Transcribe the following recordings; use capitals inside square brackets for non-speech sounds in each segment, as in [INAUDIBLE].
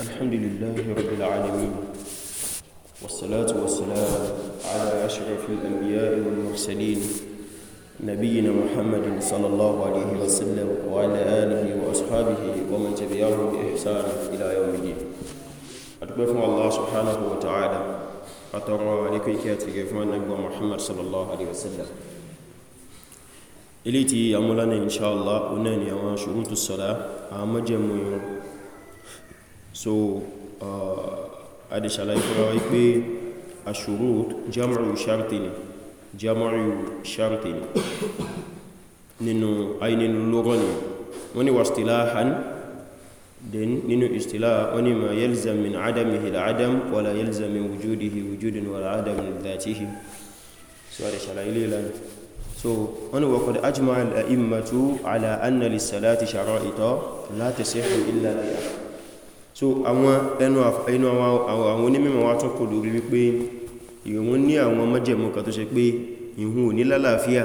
الحمد لله رب العالمين والصلاة والسلام على أشرف الأنبياء والمرسلين نبينا محمد صلى الله عليه وسلم وعلى آله وأصحابه ومن تبعهم بإحسان إلى يوم الدين أتقفوا الله سبحانه وتعالى أترى عليكم كاتب نبي محمد صلى الله عليه وسلم إليتي يا مولانا إن شاء الله أنني أما شروط الصلاة أما جمعين so uh, adìṣàlá ìfúnra wípé ashurut jam'u shartini jam'u shartini nínú ainihin lórọ́nì wọ́n ni wastilahan din nínú istilaha wọ́n ni ma yalzam min adamihi al'adam wala yalzam min wujudihi wujudin wala adam dhatihi so adìṣàlá ilé ìlànà so wọ́n ni wa qad ajma'a al-a'immatu ala anna salati shara'ita la tasihhu illa biha so àwọn ẹnu ẹnu àwọn onímọ̀ wá tún kò lórí wípé ìrun ní àwọn májẹ̀mú kan tó ṣe pé ìhun ò ní lálàáfíà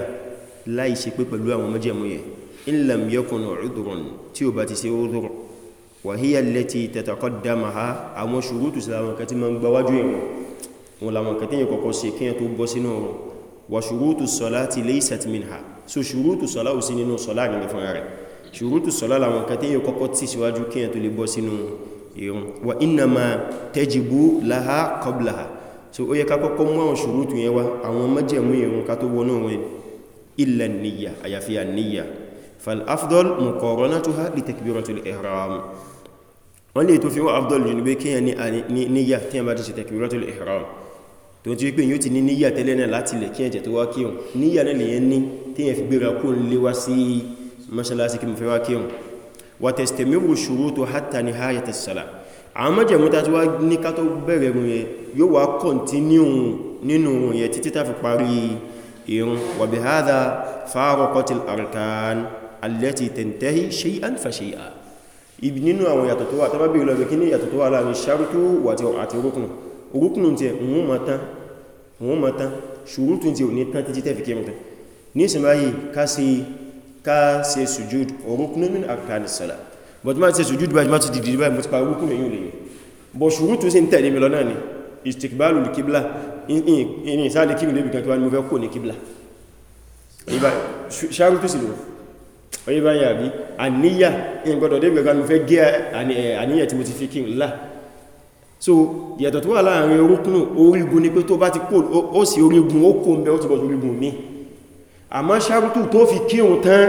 láì ṣe pé pẹ̀lú àwọn májẹ̀mú yẹn in lam yakun udhrun tí ó bá ti ṣe udhrun wa hiya allati tataqaddamaha àwọn shurutu ìsìláwọn kan tí ma ń gbáwájú ìrun wọn làwọn kan tí yẹn kọ́kọ́ ṣe kíyàn tó ìrun wa inna ma tẹ́jìbú láha kọbláha so ó yẹ ká kọ́kọ́ mú àwọn ṣùrútù yẹn wá àwọn májẹ̀mú ìrun ká tó wọnú rẹ̀ illa níyà àyàfi àníyà fal'afdol muqaranatuha li takbiratul ihram wọ́n lè tó fi wọ́n afdol jù ní pé kíyàn ní níyà tí a bá ti ṣe takbiratul ihram tó ti pé yóò ti ní wàtẹ̀stẹ̀mírù ṣurutu hatta nihayat as-salah àwọn mẹ́jẹ̀mú tàbí wá ní ká tó bẹ̀rẹ̀ rùn yẹ yóò wá kọ̀ntínú nínú rùn yẹ títí tàfi parí irun wa bihadha faraqatil arkan allati tantahi shay'an fa shay'a ká ṣe sujud orúkúnú min arkani sala but ma ṣe sujud báyìí ma ti dìdì báyìí mo ti parí orúkúnú èyí ò lè yìí bọ̀ ṣùgbọ́n tó sì ń tẹ̀lé mi lọ náà ni istikbalu ní kíblá ní ìsáàlẹ̀ kíblá ibi kankan ni mo fẹ́ kò ní kíblá so yàtọ̀ tó wà láàrin orúkúnú orígun ni pé tó bá ti kó ó sì orígun ó kó ń bẹ ó ti bọ̀ orígun míì àmọ́ ṣárútù tó fi kírun tán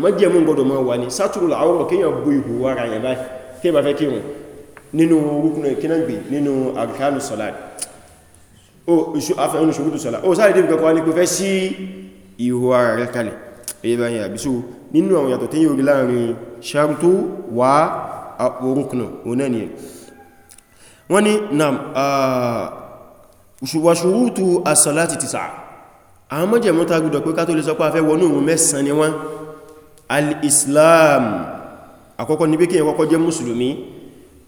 mọ́jẹ̀mú gbọdọ̀ mọ́ wà ní sátúrùlà àwọ̀rọ̀ kíyàn bú ìhù wára yẹ̀ báyìí tí bá fẹ́ kírun nínú rúkúnà ìkínàgbè nínú àríkánù sọ́lá o afẹ́nu ṣòkútù sọ́lá o sáré dìbì kankan wá ní pé fẹ́ sí ìhù ara rẹ̀ kalẹ̀ èyí bá yẹn àbísú nínú àwọn yàtọ̀ tí yóò rí láàrin àwọn mọ́jẹ̀mú ta gùdọ̀ pé ká tó lè sọ pé afẹ́ wọnú òun mẹ́sàn ni wọ́n al-islam àkọ́kọ́ ní pé kí ẹ̀kọ́kọ́ jẹ́ mùsùlùmí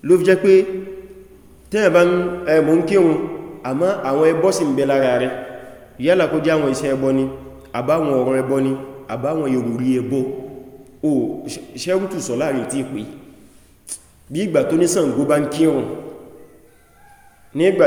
ló fi jẹ́ pé tẹ́yẹ̀ bá mọ́ ń kéhun àmọ́ àwọn ẹbọ sì ń bẹ lára rẹ̀ yálà kó jẹ́ àwọn iṣẹ́ ẹbọ ni àbáwọn ọ̀rọ̀ ẹbọ ni àbáwọn yorùrí ẹbọ o ṣẹ́rùtù sọ láàrin tí pé bí ìgbà tó ní Ṣàngó bá ń kéhun nígbà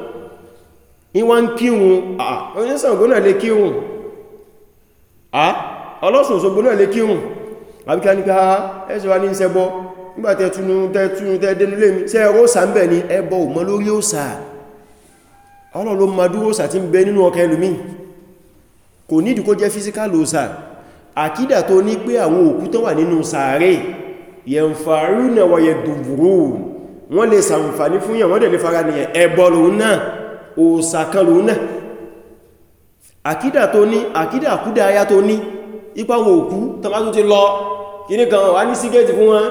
ìwọ́n kíhun oníṣàngó náà lè kíhun ọlọ́sùn Òṣogbo náà lè kíhun àbíká ní ká ẹ̀ṣẹ̀ wá ní ìṣẹ́bọ́ nígbàtẹ̀ túnú tẹ́túnú tẹ́dẹ̀nú lè mi sẹ́ òsà ń bẹ̀ ní ẹbọ ò mọ́ lórí òsà ọlọ́ ló ma dúró òsà tí ń bẹ nínú ọkẹ lùmí kò nídìí kó jẹ́ físíkàlù òsà àkídà tó ní pé àwọn òkú tó wà nínú sàárè yẹnfàárùn náà wọ́yẹ̀ dùbùrù wọ́n lè sàǹfàní fún yẹn wọ́n dẹ̀ lè fara nìyẹn ẹbọ lòun náà òòsà kan lòun náà àkídà tó ní àkídà àkúdà ayá tó ní ipa wọn òkú tàbá tó ti lọ kìíní kan wà ní sígẹ́ẹ̀tì fún wọn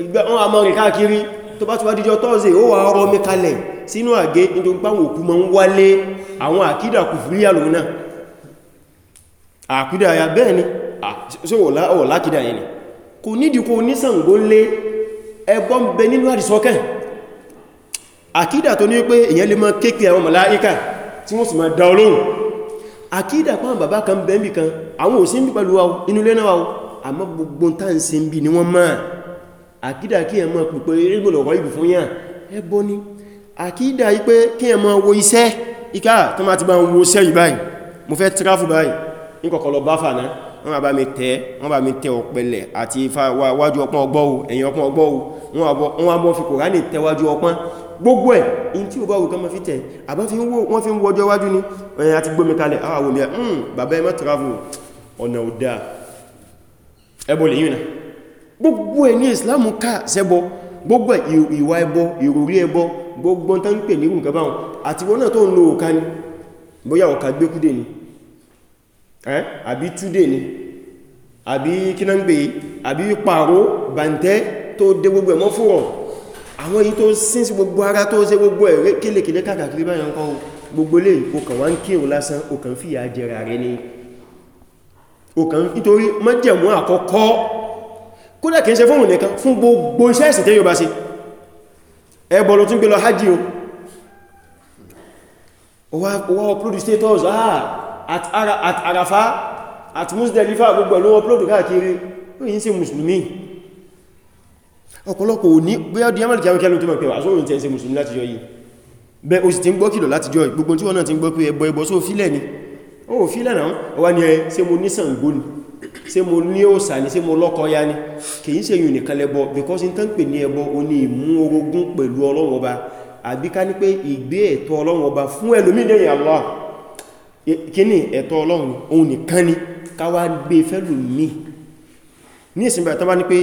ẹgbẹ́ wọn amọ́rin káàkiri tó bá tó bá díjọ tọ́ọ̀sẹ̀ ó wà ọrọ̀ mi kalẹ̀ sínú àgé nítorí pàwọn òkú ma ń wálé àwọn àkídà kùfúríyà lòun náà àkúdà ayá bẹ́ẹ̀ ni ṣe wọ̀ lákídà yẹn ni kò nídìí kò ní Ṣàngó lé ẹgbọ́n bẹ nínú àdìsọ́kẹ́ àkídà tó ní pé èyàn lè máa kéèkì àwọn màláíkà tí wọ́n sì máa dá olóhùn àkídà pàwọn bàbá kan bẹ́ẹ̀bì kan àwọn òsìn bí pẹ̀lú wáwọ́ inú lẹ́nà wáwọ́ àmọ́ gbogbo tá ń ṣe bí ni wọ́n máa àkídà kí ẹmọ pípẹ́ ìrìnlọ̀rọ̀ ìbì fún yàn ẹbọ ni àkídà yí pé kí ẹmọ wo iṣẹ́ iká tó máa ti bá ń wo iṣẹ́ yìí báyìí mo fẹ́ tíráfù báyìí ní kọ̀kọ̀lọ̀ bá fà náà wọ́n bá bá mi tẹ́ wọ́n bá mi tẹ ọ̀pẹ̀lẹ̀ àti wájú ọpọ́n ọgbọ́ ẹ̀yìn ọpọ́n ọgbọ́ wọ́n gbogbo ẹ̀ in tí ó bá wùkan ma fi tẹ̀ àbá fi wọ́n fi ń wọ́jọ́ wájú ní ẹ̀yìn àti gbómi kalẹ̀ àwọ̀ mẹ́ mm bàbá ẹ má travel ọ̀nà òdá ẹbọ lè yìí na gbogbo ẹ̀ ní islamu ká sẹ́bọ gbogbo ìwà ẹbọ ìròrí ẹbọ gbogbo tán pè ní nǹkan báwọn àti wọn náà tó ń lo òka ni bóyá òka gbékúdé ni àbí túdé ni àbí kínáǹgbé àbí pààrọ̀ bàǹtẹ́ tó dé gbogbo ẹ̀mọ́ fúrọ̀ àwọn èyí tó sín sí gbogbo ara tó ṣe gbogbo ẹ̀rẹ́ kílèkílé kàkàkiri báyàn kan gbogbo lè kò wá ń kírun lásán o kàn fìyà jẹra rẹ ni o kàn nítorí májẹ̀mú àkọ́kọ́ kódà kìí ṣe fún òun nìkan fún gbogbo iṣẹ́ ẹ̀sìn tẹ́yọ bá ṣe ẹbọ ló tún gbé lọ hajji o ah, at Arafa at Muzdalifa gbogbo ló upload káàkiri ó yí sí mùsùlùmí ọ̀pọ̀lọpọ̀ òní bóyá di ẹmọ̀lì kíyàmù kẹlùn tó mọ̀ pé wà sóòrùn tí ẹ ṣe mùsùlùmí láti jọ yìí bẹ o sì ti ń gbọ́ kìlọ̀ láti jọ gbogbo tí wọ́n náà ti ń gbọ́ pé ẹbọ ẹbọ sóò fílẹ̀ ni ó fílẹ̀ náà ọwá ni ẹ ṣe mo ní Ṣàngó ni ṣe mo ní òsà ni ṣe mo lọ́kọ ya ni kìí ṣe yùn nìkan lẹbọ because in tán pè ní o ní ìmú orogún pẹ̀lú Ọlọ́run ọba àbí ká ní pé ìgbé ẹ̀tọ́ Ọlọ́run ọba fún ẹlòmí lẹ́yìn Allah kí ni ẹ̀tọ́ Ọlọ́run òun nìkan ni ká wá ìsinmi àtàbá ní pé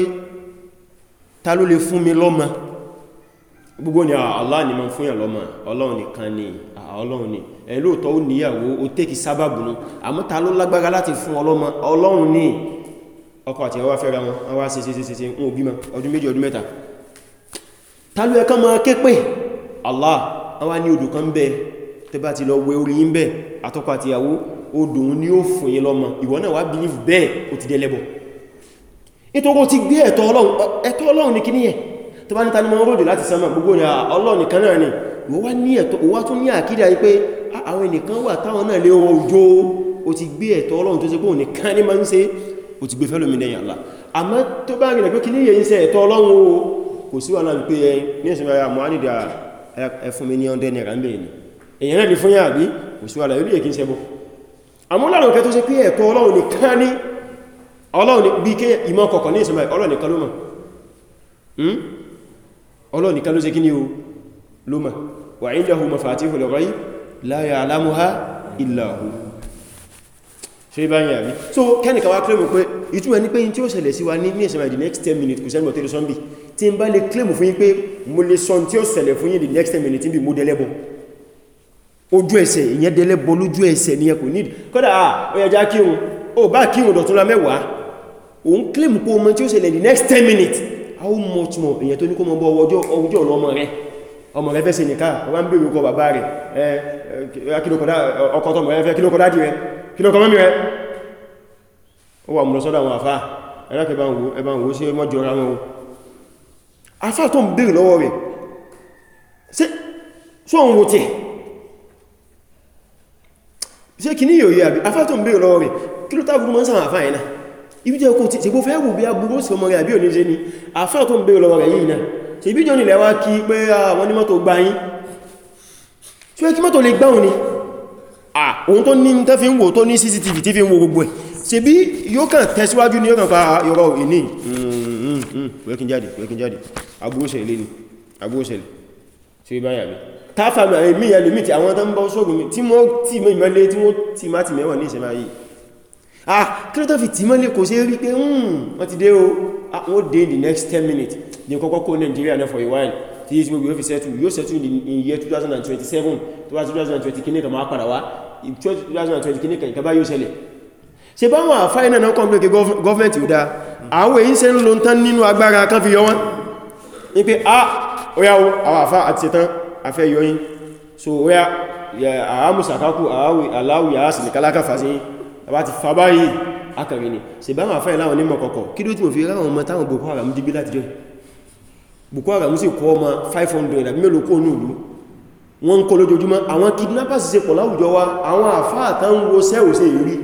ta ló lè fún mi lọ́mọ gbogbo ni ah, Allah ni ma fún yàn lọ́mọ ọlọ́run nìkan ni ah, ọlọ́run ni ẹ lóòtọ́ ó níyàwó ó tẹ́kì sábàbù ní àmọ́ ta ló lágbára láti fún ọlọ́mọ ọlọ́run ni ọkọ àti ẹwà fẹ́ra wọn wọ́n wá se se se se, wọn òbí ma ọdún méjì ọdún mẹ́ta ta ló ẹ̀kọ́ ma ké pé Allah wọ́n ní odò kan bẹ tẹ bá ti lọ wẹ orí ń bẹ àtọkọ àti ìyàwó odò ní ó fún yín lọ́mọ ìwọ náà wá believe bẹ́ẹ̀ ó ti dẹ́lẹ́bọ̀ọ́ nítorí ti gbé ẹ̀tọ́ ọlọ́run ẹ̀tọ́ ọlọ́run ní kíníyẹ tó bá níta ní mọ́ ròdì láti sánmà gbogbo ní ah, ọlọ́run nìkan náà ni wọ́n ní ẹ̀tọ́ wọ́n tún ní àkídà wípé ah, àwọn ènìkan wà táwọn náà lé wọn òjò o ti gbé ẹ̀tọ́ ọlọ́run tó ṣe pé ònìkan ní máa ń ṣe o ti gbé fẹ́lómi lẹ́yìn Allah àmọ́ tó bá rìnà pé kí níyẹ ẹ̀tọ́ ọlọ́run eh, ní ọlọ́run bí kí ìmọ̀ kọ̀kọ̀ ní ìsinmi ọlọ́run nìkan ló mọ̀ hmm? ọlọ́run nìkan ló ṣe kí ni o ló mọ̀ wa indahu so kẹ́nìkan wá claim pé ìtú ẹni pé tí ó ṣẹlẹ̀ sí ní ní ìsinmi the next 10 minutes kò sẹ́nu ọ̀tẹ́lẹ̀ sọ́nbì tí ń bá lè claim fún yín next 10 minutes bí mo dẹlẹ́bọ̀ ojú ẹsẹ̀ ìyẹn dẹlẹ́bọ̀ lójú ẹsẹ̀ ni ẹ kò need kódà ah, ó yẹ já kírun ó bá kírun dọ̀tún la mẹ́wàá òun claim pé ọmọ tí ó ṣẹlẹ̀ the next 10 minutes how much more èyàn tó ní kó mọ bọ́ ọjọ́ ọjọ́ ọmọ rẹ̀ ọmọ rẹ̀ fẹ́sẹ̀ nìkan ọwá ń bèèrè ọkọ̀ bàbá rẹ̀ ọkọ̀ tọmọ rẹ̀ fẹ́ kílókọ̀ dádì rẹ̀ kílókọ̀ mọ́mí rẹ̀ ó wà múlọ sọ́dọ̀ àwọn àfá ẹ̀lọ́kẹ̀ bá ń wo sí ọmọ jọra wọn àfá tó ń bèèrè lọ́wọ́ rẹ̀ ṣé òun wo tẹ̀ ṣé kì ní yóò yẹ àbí àfá tó ń bèèrè lọ́wọ́ rẹ̀ kí ló tábùrú mọ́ sáwọn àfá yẹn náà ibi jẹ́ okùn tí gbó fẹ́ wù bí agbúrú sí ọmọ rẹ̀ àbí oníṣẹ́ ni àfẹ́ tó ń bèèrè lọ́wọ́ rẹ̀ yìí náà tí ibi jọ nílẹ̀ wá kí pé àwọn onímọ́tò gbá yín tí ó kí mọ́tò lè gbáhùn ni ohun tó ní tẹ́ fi ń wò tó ní CCTV tí fi ń wo gbogbo ẹ̀ ṣe bí yóò kàn tẹ̀síwájú ní yóò kàn pa yọrọ ìní wẹ́kín jáde wẹ́kín jáde agbúrú sẹ̀ ilé ni agbúrú sẹ̀ tí ó báyà mi táfàmì àmì ẹlòmí tí àwọn tó ń bọ́ sóògùn tí wọ́n tì mẹ́lẹ́ tí wọ́n tì má tì mẹ́wọ̀n ní ìṣẹ́máyìí ah kí ló tó fi tí mọ́lé kò sí rí pé hmm, wọ́n ti dé o ah, wọ́n dé in the next 10 minutes ní kọ́kọ́ kó Nigeria náà for a while tí yíò gbogbo yóò fi settle yóò settle in year 2027 tó wá 2020 kí ní kan máa padà wá 2020 kí ní kan ìkẹbá yóò ṣẹlẹ̀ ṣe bá wọn àfáì náà kọ́m̀lẹ̀ kí gọ́ọ̀mẹ̀ntì ò dáa àwọn èyí ṣe ń lo tán nínú agbára kan fi yọ wọ́n ní pé a ah, oya o àwọn àfá àti ṣetán afẹ́ yọyìn so oya àámùsàkákù aláwì àásìlẹ̀kálákà fásíyìn àbá ti fa báyìí akẹ̀rẹ̀ ni ṣe bá máa fáyìn láwọn onímọ̀ kọ̀kọ̀ kí ló tí mo fi ráwọn ọmọ táwọn Boko Haram dìbí láti jọ Boko Haram sì kọ́ ọmọ 500 àbí mélòó kó nùlú wọ́n ń kọ́ lójoojúmọ́ àwọn kidnappers ṣe pọ̀ láwùjọ wa àwọn àfáà tán ń wo sẹ́wò sí ìrí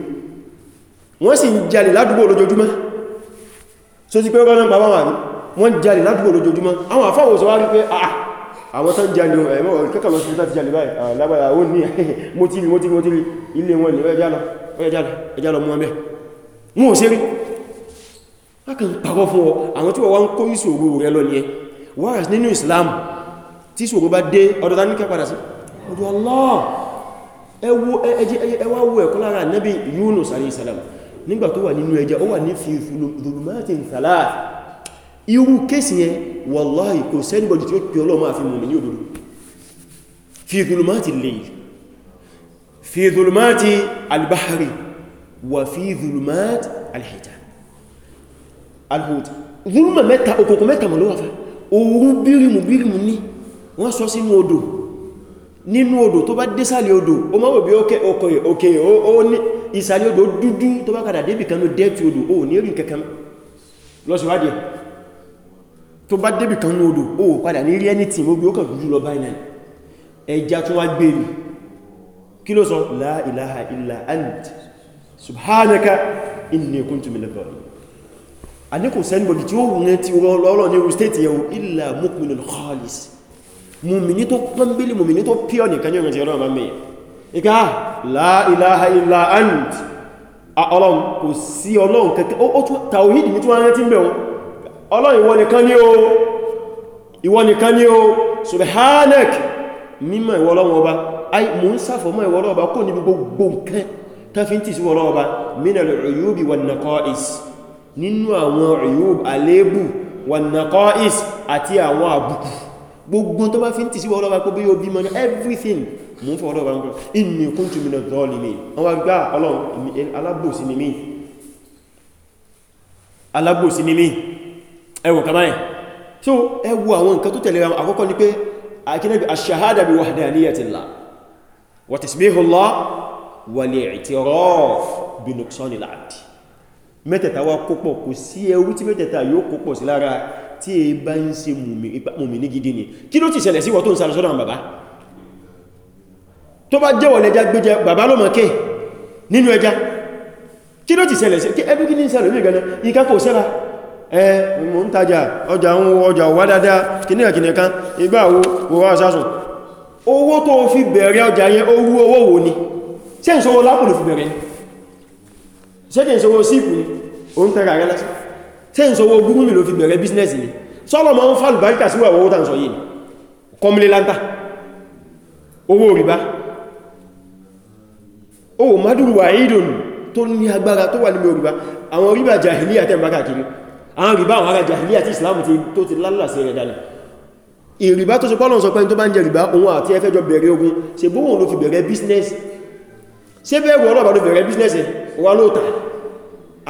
wọ́n sì ń jalè ládùúgbò lójoojúmọ́ so ti pé rọ́nà bàbá wà ní wọ́n jalè ládùúgbò lójoojúmọ́ àwọn àfáà wò sọ ah, ah, ẹ̀mọ́ kẹ́kọ̀ọ́ lọ sí láti jalè báyìí ah, lágbàdà ó ní [LAUGHS] mọ́tíri mọ́tíri ilé wọn ìlú ẹjá lọ ẹjá lọ mú ọmọ wọn ò ṣe rí wọ́n kàn pàwọ́ fún ọ àwọn tí wọ́n wá ń kó ìṣòro rẹ lọ ní ẹ whereas nínú Islam tí ìṣòro bá dé ọ̀dọ̀ ta ní kẹ́ padà sí ọ̀dọ̀ Allah ẹwà wo ẹ̀kọ́ lára Nabi Yunus alayhi salam nígbà tó wà nínú ẹja ó wà ní fi ìsàlá irú kéèsì fi zulmati albahari wà fi zulmati alhita alhut zulma mẹ́ta okùnkùn mẹ́ta mọ̀ ló wà fa òru bírimù bírimù ní wọ́n sọ sínú odò nínú odò tó bá désàlẹ̀ odò o máa wò bí òkè ìsàlẹ̀ odò dúdú tó bá kàdà débì kan ló dẹ́tù odò o ní rí kankan lọ́síwádìí tó bá débì kan odò o padà ní rí anything mo bí ó dúdú lọ báyìí kí ló sọ la ilaha illa ant subhanaka inni kuntu minadh dhalimin a ní kò sẹ́nìbọ̀dì tí ó wù ní ti lọ́lọ́ ní state yẹ̀wò illa mu'minun khalis mùmìní tó pọ́nbílì mùmìní tó píọ̀ nìkan yóò rẹ̀ ọ̀rọ̀ mẹ́ ay mo ń sáfọ́mọ́ ìwọ Ọlọ́run Ọba kò níbi gbogbo nǹkan tán fi ń tì sí ìwọ Ọlọ́run Ọba minal uyubi wan naqa'is nínú àwọn uyub àléébù wan naqa'is àti àwọn àbùkù gbogbo tó bá fi ń tì sí ìwọ Ọlọ́run bí ó everything mo ń fọ́ Ọlọ́run Ọba ń pẹ́ inni kuntu minaz zalimin wọ́n wá gbá ah, Ọlọ́run alábòsí ni mí alábòsí ni mí ẹwọ̀ kàmáyìn so وتسميه الله والاعتراف بنقصان العبد mẹ́tẹ̀ta wá kópọ̀ kò sí ẹrú tí mẹ́tẹ̀ta yóò kópọ̀ sí lára tí è bá ń ṣe mùmí ní gidi ni kí ló ti ṣẹlẹ̀ sí wọ́n tó ń sáré sọ́dọ̀ bàbá tó bá jẹ́wọ̀ lẹ́já gbéjẹ bàbá owó tó fi bẹ̀rẹ̀ ọjà yẹn ó rú owó wò ní ṣe ń sọwọ́ lápò ló fi bẹ̀rẹ̀ ṣe kí ń sọwọ́ síìpù ní o ń tẹ́ra rẹ lásì ṣe ń sọwọ́ gúgúlù ló fi bẹ̀rẹ̀ bísínẹ́sì ní sọ́lọ̀ ma ń fà lùbáríkà sí wẹ̀wọ́ tàn sọ yìí kọmílé láńtà owó rìbá owó madùrù wà ìdùn tó ní agbára tó wà nínú rìbá àwọn rìbá jahiliya tẹ́ ń bá káàkiri àwọn rìbá àwọn ará jahiliya tí Islam tó ti lálàsí rẹ̀ dálẹ̀ ìrìbá tó ṣe pọ́lọ̀ sọ pé tó bá ń jẹ ìrìbá òun àti ẹfẹ́ jọ bẹ̀rẹ̀ ogun ṣe bóhùn ló fi bẹ̀rẹ̀ business ṣe bẹ̀rẹ̀ ọlọ́bàá ló bẹ̀rẹ̀ business wà lóòtà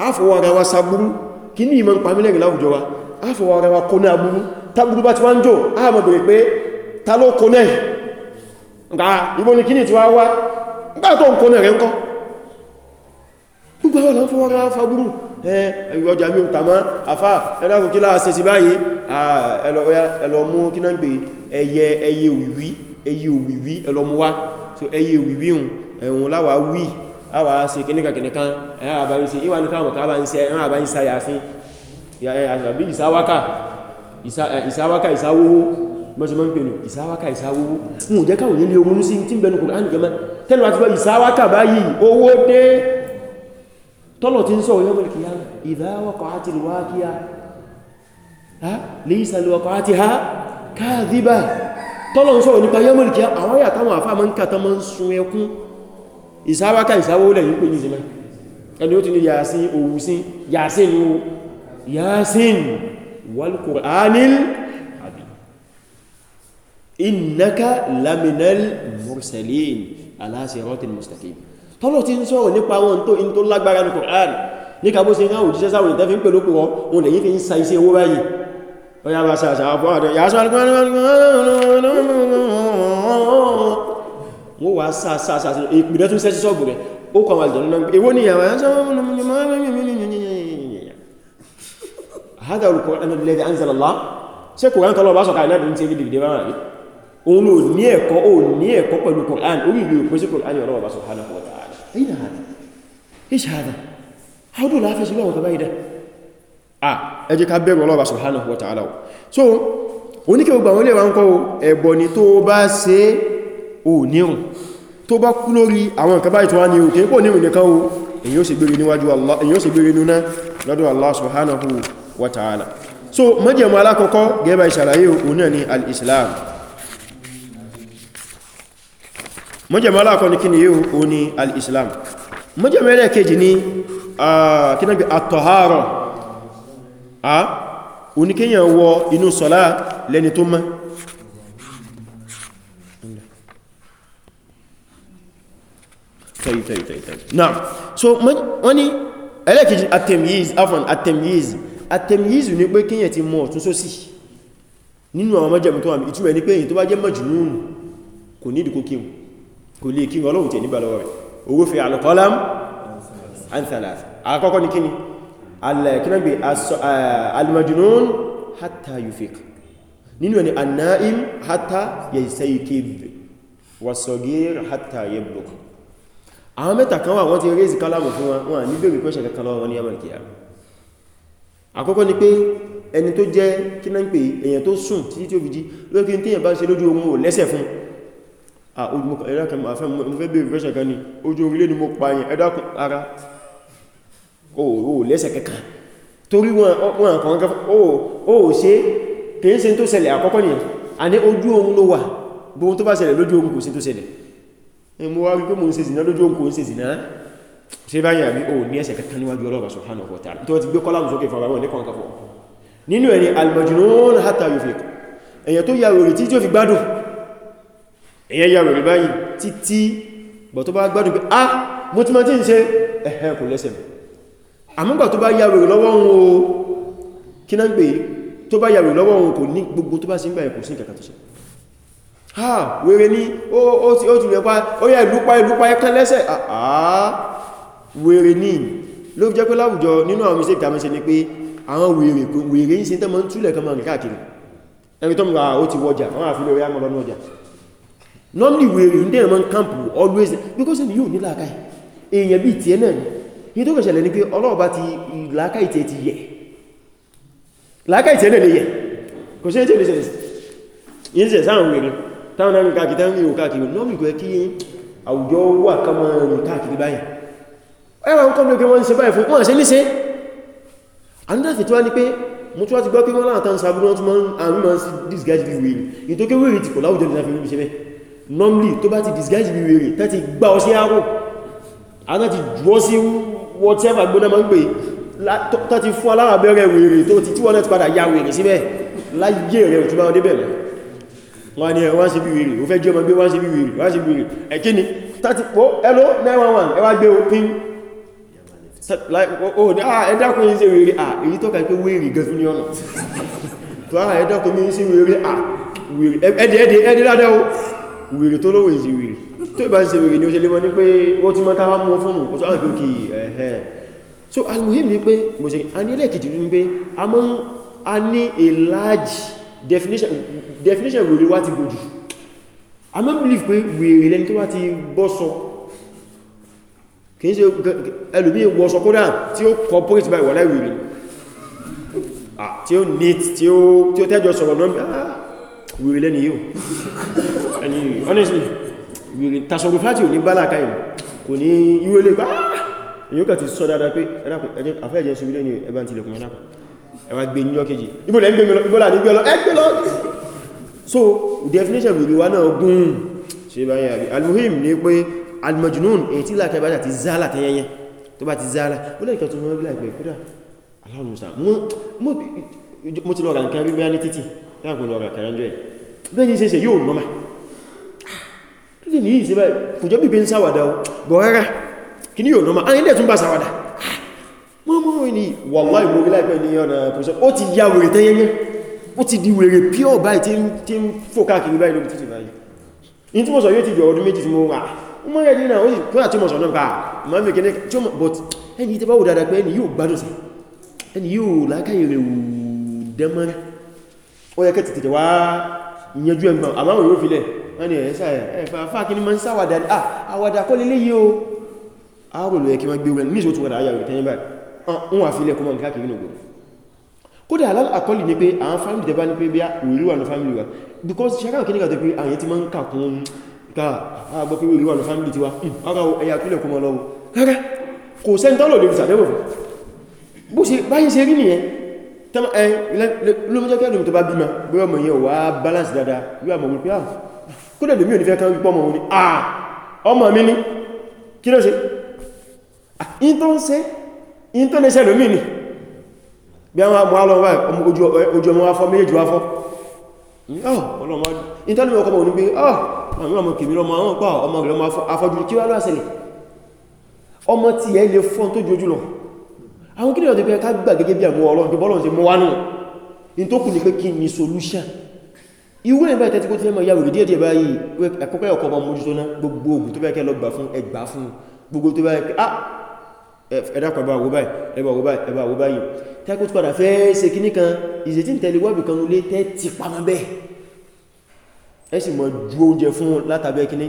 àfọwọ́ ara wa sagbúrú kí ní ìmọ̀ pàmílẹ̀rìn láwùjọ wa àfọwọ́ ara wa kó ní agbúrú tábúrú bá ti wá ń jò àmọ́ bèèrè pé ta ló kó náà nga ibo ni kíní ti wá wá nígbà tó ń kó náà ọjà mi ò tàmá àfá ẹ̀dàkùn kí láà ṣe sí báyìí ẹlọ́mú kí náà gbé ẹyẹ ẹyẹ òwìwí ẹyẹ òwìwí ẹlọ́mú wá so ẹyẹ òwìwí ẹ̀hùn láwàá wí àwà ṣe kìnnìkàkìnnìkan ẹ̀yà àbáyé sí ìwà nìkan àwọn kàbà ń ṣe ẹ̀rọ àbáyé sáyà sí àbí ìsáwákà ìsáwákà ìsáwówó mọ́sí mọ́ ń pè ní ìsáwákà ìsáwówó fún òjẹ́kà òní lè ronú sí tí ń bẹnu kùránì gẹ́mẹ́ tẹ́lú àti bọ́ ìsáwákà báyìí owó dé tọ́lọ̀ tí ń sọ yọ́mọ̀ ìkìyà ìdáwọ́kọ̀ àti ìwákíyà lèyísà lèwọ́kọ̀ àti ha káàdìbà tọ́lọ̀ ń sọ nípa yọ́mọ̀ ìkìyà àwọn àyàtàwọn àfá ma ń kàtà ma ń sun ẹkún ìsáwákà ìsáwólẹ̀ yìí pé ní ìsinmi ẹni ó ti ní yàásín òwú tọ́lọ̀ tí ń sọ̀rọ̀ nípa wọn tó in tó lágbára ní Qur'an ní kàbó sí ráhùn jíṣẹ́ sáwọn ìtẹ́fí ń pè lókù wọn òun lèyí fi ń sa iṣẹ́ owó báyìí ọya bá sàṣà àpọ̀ àdọ̀ yà sọ wọ́n wá sàṣà ìpìlẹ̀ tún sẹ́sí sọ́ọ̀bù rẹ̀ ó kọ̀ àwọn àjọ̀nà èwo ni àwọn هذا القرآن الذي أنزل الله ṣe kòrán tọ́lọ bá sọ̀kà ìlàdì tí èdè ìdíwárà rí òun ló ní ẹ̀kọ́ ò ní ẹ̀kọ́ pẹ̀lú kòrán orí ìlú ìpínsí kòrán ìrọ̀lọ́wọ́ bá sọ̀kà náà أين هذا؟ إيش هذا؟ How do I face الله كبايدة؟ Ah, ẹ jẹ́ ká bẹ̀rù Ọlọ́run subhanahu wa ta'ala. So, oníkẹ́ gbogbo àwọn ilẹ̀wà ń kọ́ ẹ̀bọ̀ ni tó bá ṣe ò nírùn tó bá kú lórí àwọn nǹkan báyìí tó wá ní òkè pò nírùn nìkan o èyí ó sì gbére so mọ́jẹ̀mọ́ alákọ̀ọ́kọ́ gẹ́bà ìṣàlàyé òun náà ni mọ́jẹ̀mọ́ alákọ́ ní kíni yíò o ní al-islam mọ́jẹ̀mọ́ ẹlẹ́kejì ní kínábi àtọ̀hárọ̀ a oníkíyàn wọ inú sọ́lá lẹ́ni tó mọ́ náà so wọ́n ní ẹlẹ́kejì at-tamyiz afọn at-tamyiz at-tamyiz ní pé kíyàn ti mọ̀ ọ̀tún sósì nínú àwọn mọ́jẹ̀mọ́ tó wà ìtumọ̀ ní pé èyí tó bá jẹ́ majnun kò ní ìdíkókíwò kò lè kí ọlọ́run tẹ̀ nígbà lọ́wọ́ rẹ̀ owó fi alqalam an thalatha àkọ́kọ́ ní kíni alẹ́kínàgbé eh, al-majnun hatta yufiq nínú ẹni an-na'im hatta yastaykib was-saghir hatta yablugh àwọn mẹ́ta kan wà wọ́n ti raise kálàmù fún wọn wọ́n ní bèèrè pẹ́ṣẹ̀ kankan lọ́wọ́ ní amẹ́ríkì àkọ́kọ́ ni pé ẹni tó jẹ́ kí náà ń pè èèyàn tó sùn títí tí ó fi jí lókè tí èèyàn bá ṣe lójú ohun ò lẹ́sẹ̀ fún ẹ̀dàkùn ah, àfẹ́ mú fẹ́ bèèrè fẹ́ṣẹ̀ kan ní ojú orílẹ̀ ni mo pààyàn ẹ̀dàkùn ara ooo lẹ́sẹ̀ kẹka torí wọn àkọ̀ọ́n kẹfà ooo ṣe kìí ṣe tó ṣẹlẹ̀ àkọ́kọ́ ni a ní ojú oòrùn ló wà gbogbo tó bá ṣẹlẹ̀ lójú oòrùn kò sí tó ṣẹlẹ̀ mo wá rí pé mo ń ṣe zìnà lójú oòrùn kò ń ṣe zìnà ṣe báyìí àbí o ní ẹsẹ̀ kẹta níwájú Ọlọ́run subhanahu wa ta'ala tó ti gbé kọ́lámù sókè fún àwọn oníkan kafọ́ nínú ẹni al-majnun hatta yufiq èyàn tó yà òrì tí tí ó fi gbádùn ẹ̀yẹ yàrò rí báyìí títí bọ̀ tó bá gbádùn pé ah mo ti máa tí ń ṣe ẹ̀hẹ́ kò lẹ́sẹ̀ àmúgbà tó bá yàrò lọ́wọ́ ohun o kí náà gbé tó bá yàrò lọ́wọ́ ohun kò ní gbogbo tó bá sí gbà ẹ̀kùn sí ìkàkà tó ha ah, wèrè ní ó ti rẹ̀ pa ó yà ìlúpa ìlúpa ẹ̀kan lẹ́sẹ̀ àá ah, ah, wèrè ní ló jẹ́ pé láwùjọ ni pé àwọn wèrè wèrè ń ṣe tẹ́mọ̀ ń túlẹ̀ kan máa rìn káàkiri ẹni tó mú ra ó ti wọjà wọ́n àfilẹ̀ orí àmọ́ ọjà normally we ní dẹ̀rẹ̀ man camp always because ẹni yóò ní làákàí èèyàn bí tí ẹ náà ni yìí tó kẹsẹ̀lẹ̀ ní pé ọlọ́ọ̀bá ti làákàí tí ẹ ti yẹ làákàí tí ẹ náà lè yẹ kò sí ẹjẹ́ ìrìnṣẹ́ ìrìnṣẹ́ sáàrùn wèrè táwọn náà káàkiri táwọn ìrìn káàkiri normally kò yẹ kí àwùjọ wà kama rìn káàkiri báyìí ẹwà ń kọ́mọ̀ pé wọ́n ń ṣe báyìí fún wọ́n ṣe níṣe another thing tó wá ní pé mo tún wá ti gbọ́ pé wọ́n láàtàn sàbúrú wọn tún máa ń àmì máa ń sí disguise the way ìtókè wèrè ti kò láwùjọ nígbà fi ní bí ṣe normally tó bá ti disguise bí wèrè tẹ́ ti gbá ọ sí àrò àtọ́ ti jùọ́ sí whatever gbóná ma ń pè tọ́ ti fún alára bẹ̀rẹ̀ wèrè tó ti tí wọ́n lẹ́ti padà ya wèrè síbẹ̀ láyé rẹ̀ tó bá ọdé bẹ̀rẹ̀ wọ́n ni wọ́n ṣe bí wèrè ó fẹ́ jí ọmọ gbé wọ́n ṣe bí wèrè wọ́n ṣe bí wèrè ẹ̀kíni tàti pọ́ ẹlò 911 ẹwà gbé òpin ẹ̀dàkùn yí ṣe wèrè à ah, èyí tọ́ka pé wèrè gẹ̀fún ní ọ̀nà [LAUGHS] tó ara ah, ẹ̀dàkùn yí ṣe wèrè à ah, wèrè ẹ̀dẹ̀ ẹ̀dẹ̀ ẹ̀dẹ̀ ládẹ́ wèrè tó lówó ìsì wèrè tó ìbá ṣe wèrè ni ó ṣe lé mọ́ ní pé wọ́n ti mọ́ táwà mọ́ fóònù ó tó àwọn ìgbókè ẹ̀hẹ́ so almuhim ni pé mo ṣe a ní ẹlẹ́kìtì ní pé a mọ́ a ní a large definition definition wèrè wá ti gbòjù a mọ́ believe pé wèrè lẹ́ni tó wá ti bọ́ sọ kìí ṣe ẹlòmí wọ́ kódà tí ó corporate by wọ́lá wèrè ah, tí ó neat tí ó tẹ́jọ sọ̀rọ̀ náà wèrè lẹ́ni yóò ẹni honestly wèrè tasọ̀rọ̀fáàtì ò ní bá láàká ìlú kò ní irú ilé pa yóò kà ti sọ dáadáa pé afẹ́ẹ̀jẹ́ ṣe wílé ní ẹbá ti lẹ̀kùn ẹ̀nàkà ẹwà gbé ní ọkẹjì ibòlẹ̀ ń gbé ibòlà ní gbé lọ ẹgbẹ́ lọ so definition wèrè wa náà gún ṣe bá yàrí almuhim ní pé almajnun èyí tí láàká ìbájá ti zálà tẹ́yẹyẹ tó bá ti zálà ó lẹ́ẹ̀kẹ́ tó mọ́ bí láìpẹ́ kódà aláwọ̀ mo ti lọ ra nǹkan rí bẹ́ẹ̀ láàgbọ́n ọ̀rọ̀ kàránjọ́ ẹ̀ bẹ́ẹ̀ ni ṣeṣe yóò nọ́mà tó lè ní ìṣẹ́ báyìí kò jẹ́ bíbí ń sáwàdà bọ̀ rárá kí ní yóò nọ́mà a nílẹ̀ tún bá sáwàdà mọ́mọ́ ni wàláì mórí láìpẹ́ ní ọ̀nà pẹ̀sọ́ ó ti ya wèrè tẹ́yẹyẹ ó ti di wèrè pure báyìí tí ń fò káàkiri báyìí lóbi títì báyìí in tí mo sọ yóò ti jọ ọdún méjì tí mo wà ó mọ́ rẹ̀ dínà ó sì kúrà tí mo sọ náà báà ma ń mẹ́kẹ́ tí ó but ẹni tí bá wò dáadáa pé ẹni yóò gbádùn sí ẹni yóò lákàyè rẹ̀ wù dẹ́mọ́rẹ́ yẹ kẹ́ tètè wá ìyẹjú ẹgbọ̀n àmáwọn yóò filẹ̀ wọ́n ni ẹ̀ẹ́sà ẹ̀fà kí ni ma ń sáwàdà àwàdà kọ́ lélé yíò àrùlù ẹ̀kí wọ́n gbé rẹ̀ ní ìṣòtún wọ́n àyàwó ìtẹ́yìn báyìí wọ́n àfilẹ̀ kọmọ̀ nǹkan kìí nùgbò kódà halal àkọlì ní pé àwọn family tẹ́bá ní pé bí òwúrú wà ní family wa because ṣẹ́kàn kí ní kàtẹ́ pé àyẹ́ ti máa ń kàkún ká àgbọ́ pé òwúrú wà ní family tiwa ara hmm, ẹ̀yà pílẹ̀ kọmọ lọ́wọ́ rárá kò sẹ́ntọ́lọ̀ lè fi sàdẹ́wò fún bó ṣe báyìí ṣe rí nìyẹn tẹ́mà ẹ̀yìn lóòmọ́jẹ́ kẹ́lùmí tó bá bímọ bí ọmọ yẹn wà balance dada yóò àmọ̀ wípé àwọn kódẹ̀ lómí òní fẹ́ kan wípọ́ ọmọ òní àà ọmọ mi ní kí ló ṣe in tó ń ṣe in tó lẹ́ṣẹ́ lómí ni bí àwọn àmọ́ alọ́wọ́ ojú ọmọ afọ́ méjì wáfọ́ ọmọ tí ẹ lè fọ́n tó jojú lọ àwọn kí ni ọ̀dẹ̀ pé ká gbà gẹ́gẹ́ bí àmú ọlọ́run pé bọ́lọ́run ti mú wá náà in tó kù ní pé kí ni solution ìwé ẹ̀bá ìtẹ́tí kó ti fẹ́ ma yàwó ìdí ẹ̀dẹ̀ báyìí ẹ̀kọ́kọ́ ẹ̀kọ́ ma mú jùtọ́ná gbogbo ogun tó bẹ́ kẹ́ lọ gbà fún ẹgbà fún gbogbo tó bẹ́ kẹ́ ah ẹ̀dàpọ̀ ẹ̀bá àwòbáyìí ẹ̀bá àwòbáyìí ẹ̀bá àwòbáyìí tẹ́kù tó padà fẹ́ ṣe kíní kan ìṣètí ìtẹ́lẹ̀wọ́bì kan lé tẹ́ ti pamọ́ bẹ́ẹ̀ ẹ sì mọ̀ ju oúnjẹ fún látàbẹ́ kíní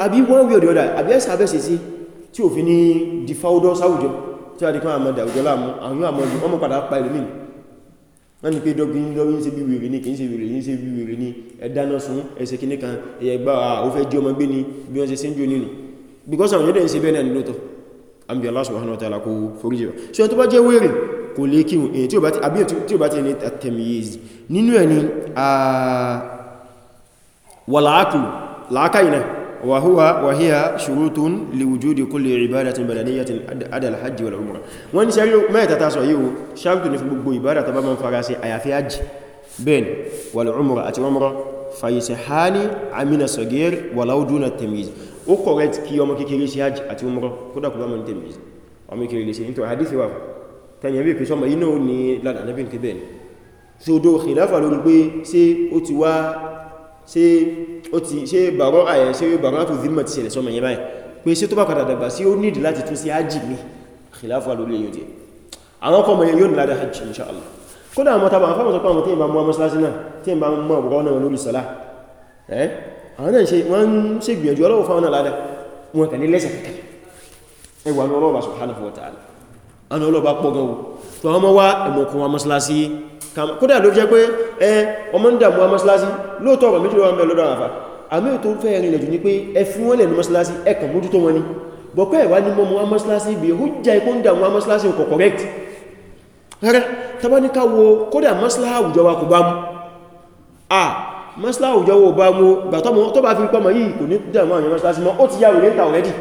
àbí one way or the other àbí ẹ̀sà abẹ́sẹ̀ sí tí ò fi ní defaulters àwùjọ tí a di kan àmọ́ dàrújọ láàmú àwọn àmọ́ jù wọ́n mọ́ padà pa ìlú mìí wọ́n ni pé dọ́gbìn lọ́wọ́ ń ṣe bí wèrè ní kìí ṣe wèrè ní ṣe bí wèrè ní ẹ̀dáná sun ẹsẹ̀ kìíní kan ẹ̀yẹ gbá ó fẹ́ jí ọmọ gbé ní bí wọ́n ṣe sí ń jò nínú because àwọn yẹ́dẹ̀ ń ṣe bẹ́ẹ̀ nílòtọ̀ àmì Allah subhanahu wa ta'ala kò forí jẹ́ ṣe tó bá jẹ́ wèrè kò lè kí wọn tí ó bá ti ní at-tamyiz nínú ẹ̀ ni wà láàkù láàkà ìnáà وهو وهي شروط لوجود كل عبادة بدنية أدى الحج والعمرة وان سيريو ما يتتاسو يو شرط في بو عبادة تبابا فراسي أيا في حج بين والعمرة أتي عمرة فيسحان عمل صغير ولو دون التمييز وقرأت كي يوم كيكيري سي حج أتي عمرة كدا كبا من تمييز أمي كيري سي انتو حديثي وافا تاني يبي كي سوما ينو ني لا لا نبين كبين سودو خلافة لولبي سي أتوا ṣe ó ti ṣe bàrọ́ àyẹ̀ ṣe bàrọ́ àtò zimma ti ṣẹlẹ̀ sọmọ yẹn báyìí pé ṣe tó bá padà dàgbà sí ó nídì láti tún sí ájì mi khilafa lórí èyàn jẹ́ àwọn ọkọ̀ mọ̀yẹ yóò nílada hajj inṣáàlá kódà àwọn tàbà àfáwọn sọpá àwọn tí ìbá mọ́ mọ́sálásí náà tí ìbá mọ́ ọ̀rọ̀ náà lórí sọlá àwọn náà wọ́n ń ṣe gbìyànjú ọlọ́wọ́ fáwọn náà ládá wọn kódà ló jẹ́ pé ẹ ọmọ ń dàmú amọ́sílásí lóòtọ́ ọ̀rọ̀ méjì lọ́wọ́ mẹ́ lọ́dọ̀ àfà àmì tó fẹ́ rìn lẹ̀jù ní pé ẹ fi wọ́n lẹ̀nu mọ́sílásí ẹkàn mójú tó wọn ni bọ̀kọ́ ẹ̀wà ní mọ́mú amọ́sílásí bí ó jẹ́ ikú ń dàmú amọ́sílásí correct rẹ̀ tàbá ní ká wo kódà mọ́sílá àwùjọ wa kò bá mú à mọ́sílá àwùjọ wa bá mú gbà tó bá fi pọ́mọ yìí kò ní dàmú àwọn mọ́sílásí mọ́ ó ti yà wùlé ta already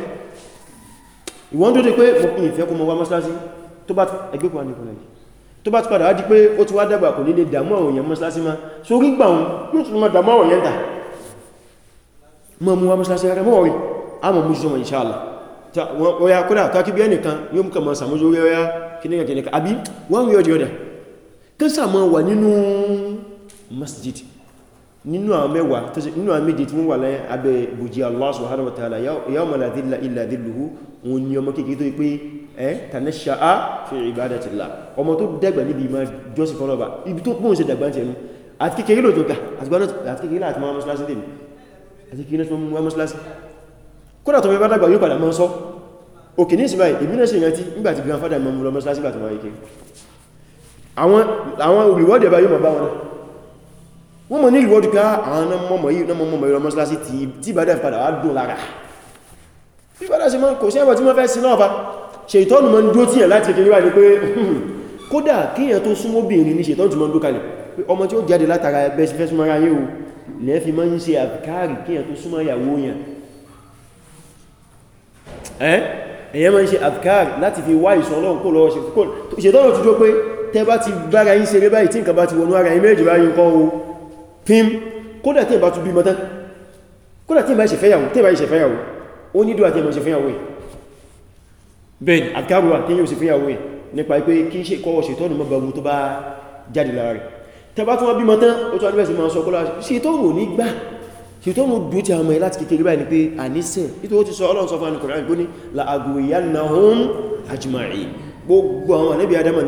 ìwọ́n tó dé pé mo fi ìfẹ́ kó mọ́ wá mọ́sílásí tó bá ẹgbẹ́ kan ní tó bá ti padà wájí pé ó ti wá dàgbà kò nílé dàmú àwọn èèyàn mọ́sílásí má so rí gbà wọn yóò tún mọ́ dàmú àwọn èèyàn tà mọ́ mú wá mọ́sílásí rẹ̀ mọ́ rí a mọ̀ mújú sọmọ̀ inṣáàlá ọya kódà káàkì bí ẹnìkan yóò mú kàmọ́ sàmójú masjid nínú àwọn mẹ́wàá tó sì nínú àwọn méje tí wọ́n wà láyé Eh, tànẹ́ṣàá fi ìbádàtìlá ọmọ tó dẹ̀gbà níbi ìmọ̀ jọ́sì fọ́lọ́bà ibi tó pọ́n sí dẹ̀gbà ti ẹnu àti kékeré lò jọgá àti kékeré àti máa mọ́sílásí dèmi àti kékeré tó mọ́ mọ́sílásí kódà tó mẹ́bá dàgbà yóò padà mọ́ sọ òkè ní ìsinmi èmi náà sì rántí nígbà tí grandfather mọ́ lọ mọ́sílásí gbà tó máa yíké àwọn olùwọ́dì ẹ̀bá yóò mọ̀ bá wọn wọ́n mọ̀ ní ìwọ́dì ká ah, àwọn mọ́mọ̀ ṣètọ́nù mọ́ ń dó tíyàn láti kiri wà ní pé hmm, kódà kíyàn tó súnmọ́ bìnrin ní ṣètọ́nù tí mọ́ ń dó kalẹ̀ ọmọ tí ó jáde látara ẹgbẹ́ sí fẹ́ súnmọ́ ara yẹ́ o lẹ́fí mọ́ ń ṣe àbíkárì kíyàn tó súnmọ́ ìyàwó yàn ẹ̀yẹ́ mọ́ ń ṣe àbíkárì láti fi wá ìṣọ́ ọlọ́run kó lọ́wọ́ ṣètọ́nù tó jó pé tẹ́ bá ti bára yín ṣeré báyìí tí nǹkan bá ti wọnú ara yín méjì báyìí nǹkan o pim kódà tí ìbá tún bímọ tán kódà tí ìbá ìṣẹ̀fẹ́yàwó ó nídò àti ẹmọ̀ ìṣẹ̀fẹ́yàwó yìí bẹ́ẹ̀ni àkàrù wà kíyàn sí fíyàwó ẹ̀ nípa pé kí ṣe kọwọ́ ṣètọ́nù mọ́ bẹ̀rù tó bá jáde lára rẹ̀ tẹbá tún wọ́n bí mọ́tán ó tún adúbẹ̀sí ma sọ kọ́lá ṣètọ́nù ní gbà ṣètọ́nù dùn ti àmọ́ láti kékeré báyìí ni pé àníṣẹ́ nítorí ti sọ Ọlọ́run sọ fún ànìkọ̀rọ̀ àgbó ní la aghwiyannahum ajma'in gbogbo àwọn ànábì adama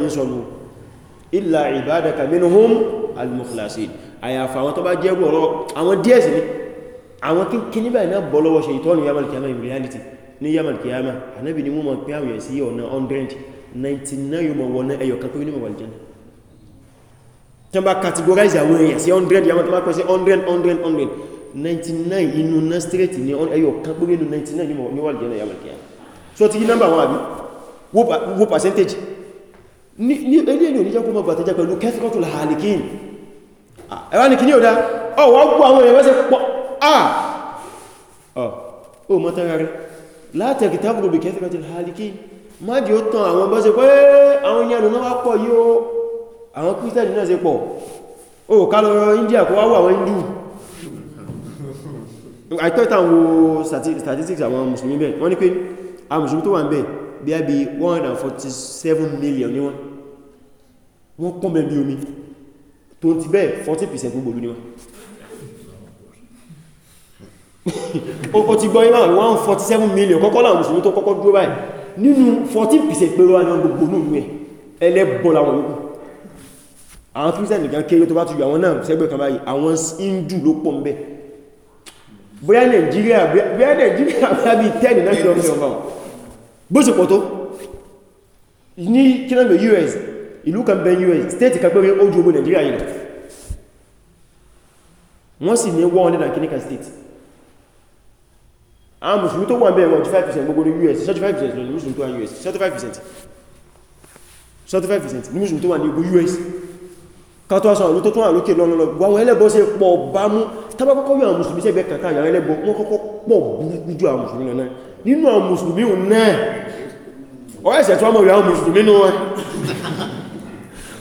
reality ní yamal kiyama anabi ni mo ma pe àwọn sí ọ̀nà 100 99 yo mo wona ẹyọ kan pe ni mo wal janna tan ba categorize àwọn èyàn sí 100 yamal tan ba ko sí 100 100 100 99 inú na straight ni on ẹyọ kan pe nínú 99 ni mo ni wal janna yamal kiyama so number wọn àbí wo percentage ni ni ele ni o mo gba te je pẹ̀lú kathratul halikin ah e ni kini o da o wa gbo àwọn èyàn ah oh o mo tan rare látẹ̀kì tábùrù bí kẹfẹ́ tẹ̀lẹ̀ hálìkì má jẹ́ ó tàn àwọn bọ́sẹ̀ pé àwọn ìyànù náà wá pọ̀ yíó àwọn kírísítẹ̀lì náà ṣe pọ̀ o ká India kó wá wà àwọn Hindu I thought àwọn statistics àwọn mùsùlùmí bẹ̀ wọ́n ní pé àwọn mùsùlùmí tó wà ń bẹ̀ bí million ni wọ́n wọ́n pọ̀ mẹ́bí omi tó ti bẹ́ẹ̀ [COUGHS] o ti gbọ́ ìmá 147 million kọ́kọ́ láwọn mùsùlùmí tó kọ́kọ́ dúró báyìí nínú 14% pẹ̀lú àwọn gbogbo nínú ẹ̀ ẹlẹ́bọ̀ láwọn yóò àwọn Christian nìkan kéré tó bá tún àwọn náà sẹ́gbẹ̀ kan báyìí àwọn Hindu ló pọ̀ ń bẹ bóyá Nàìjíríà bóyá Nàìjíríà [LAUGHS] bóyá bí 10 náà kìlọ́ mẹ́rin báwọn bó ṣe pọ̀ tó US ìlú kan bẹ US state kan pẹ́rẹ́ ó ju ogbó Nàìjíríà yìí wọ́n sì ní and kìníkà state àwọn musulmi tó wà bẹ̀rẹ̀ 25% gbogbo ní US 35% ní musulmi tó wà ní US 35% 35% ní musulmi tó wà ní gbogbo US kàtọ́ aṣọ àwọn tó tún àwọn olókè lọ́nà lọ́gbọ́ àwọn ẹlẹ́bọ ṣe pọ̀ bá mú tàbákọ́kọ́ yọ àwọn musulmi sẹ́gbẹ́ kàkà àwọn ẹlẹ́bọ wọ́n kọ́kọ́ pọ̀ burúkú jù àwọn musulmi lọ́nà nínú àwọn musulmi ò náà ọ ẹ̀sẹ̀ tó mọ̀ àwọn musulmi nù wọn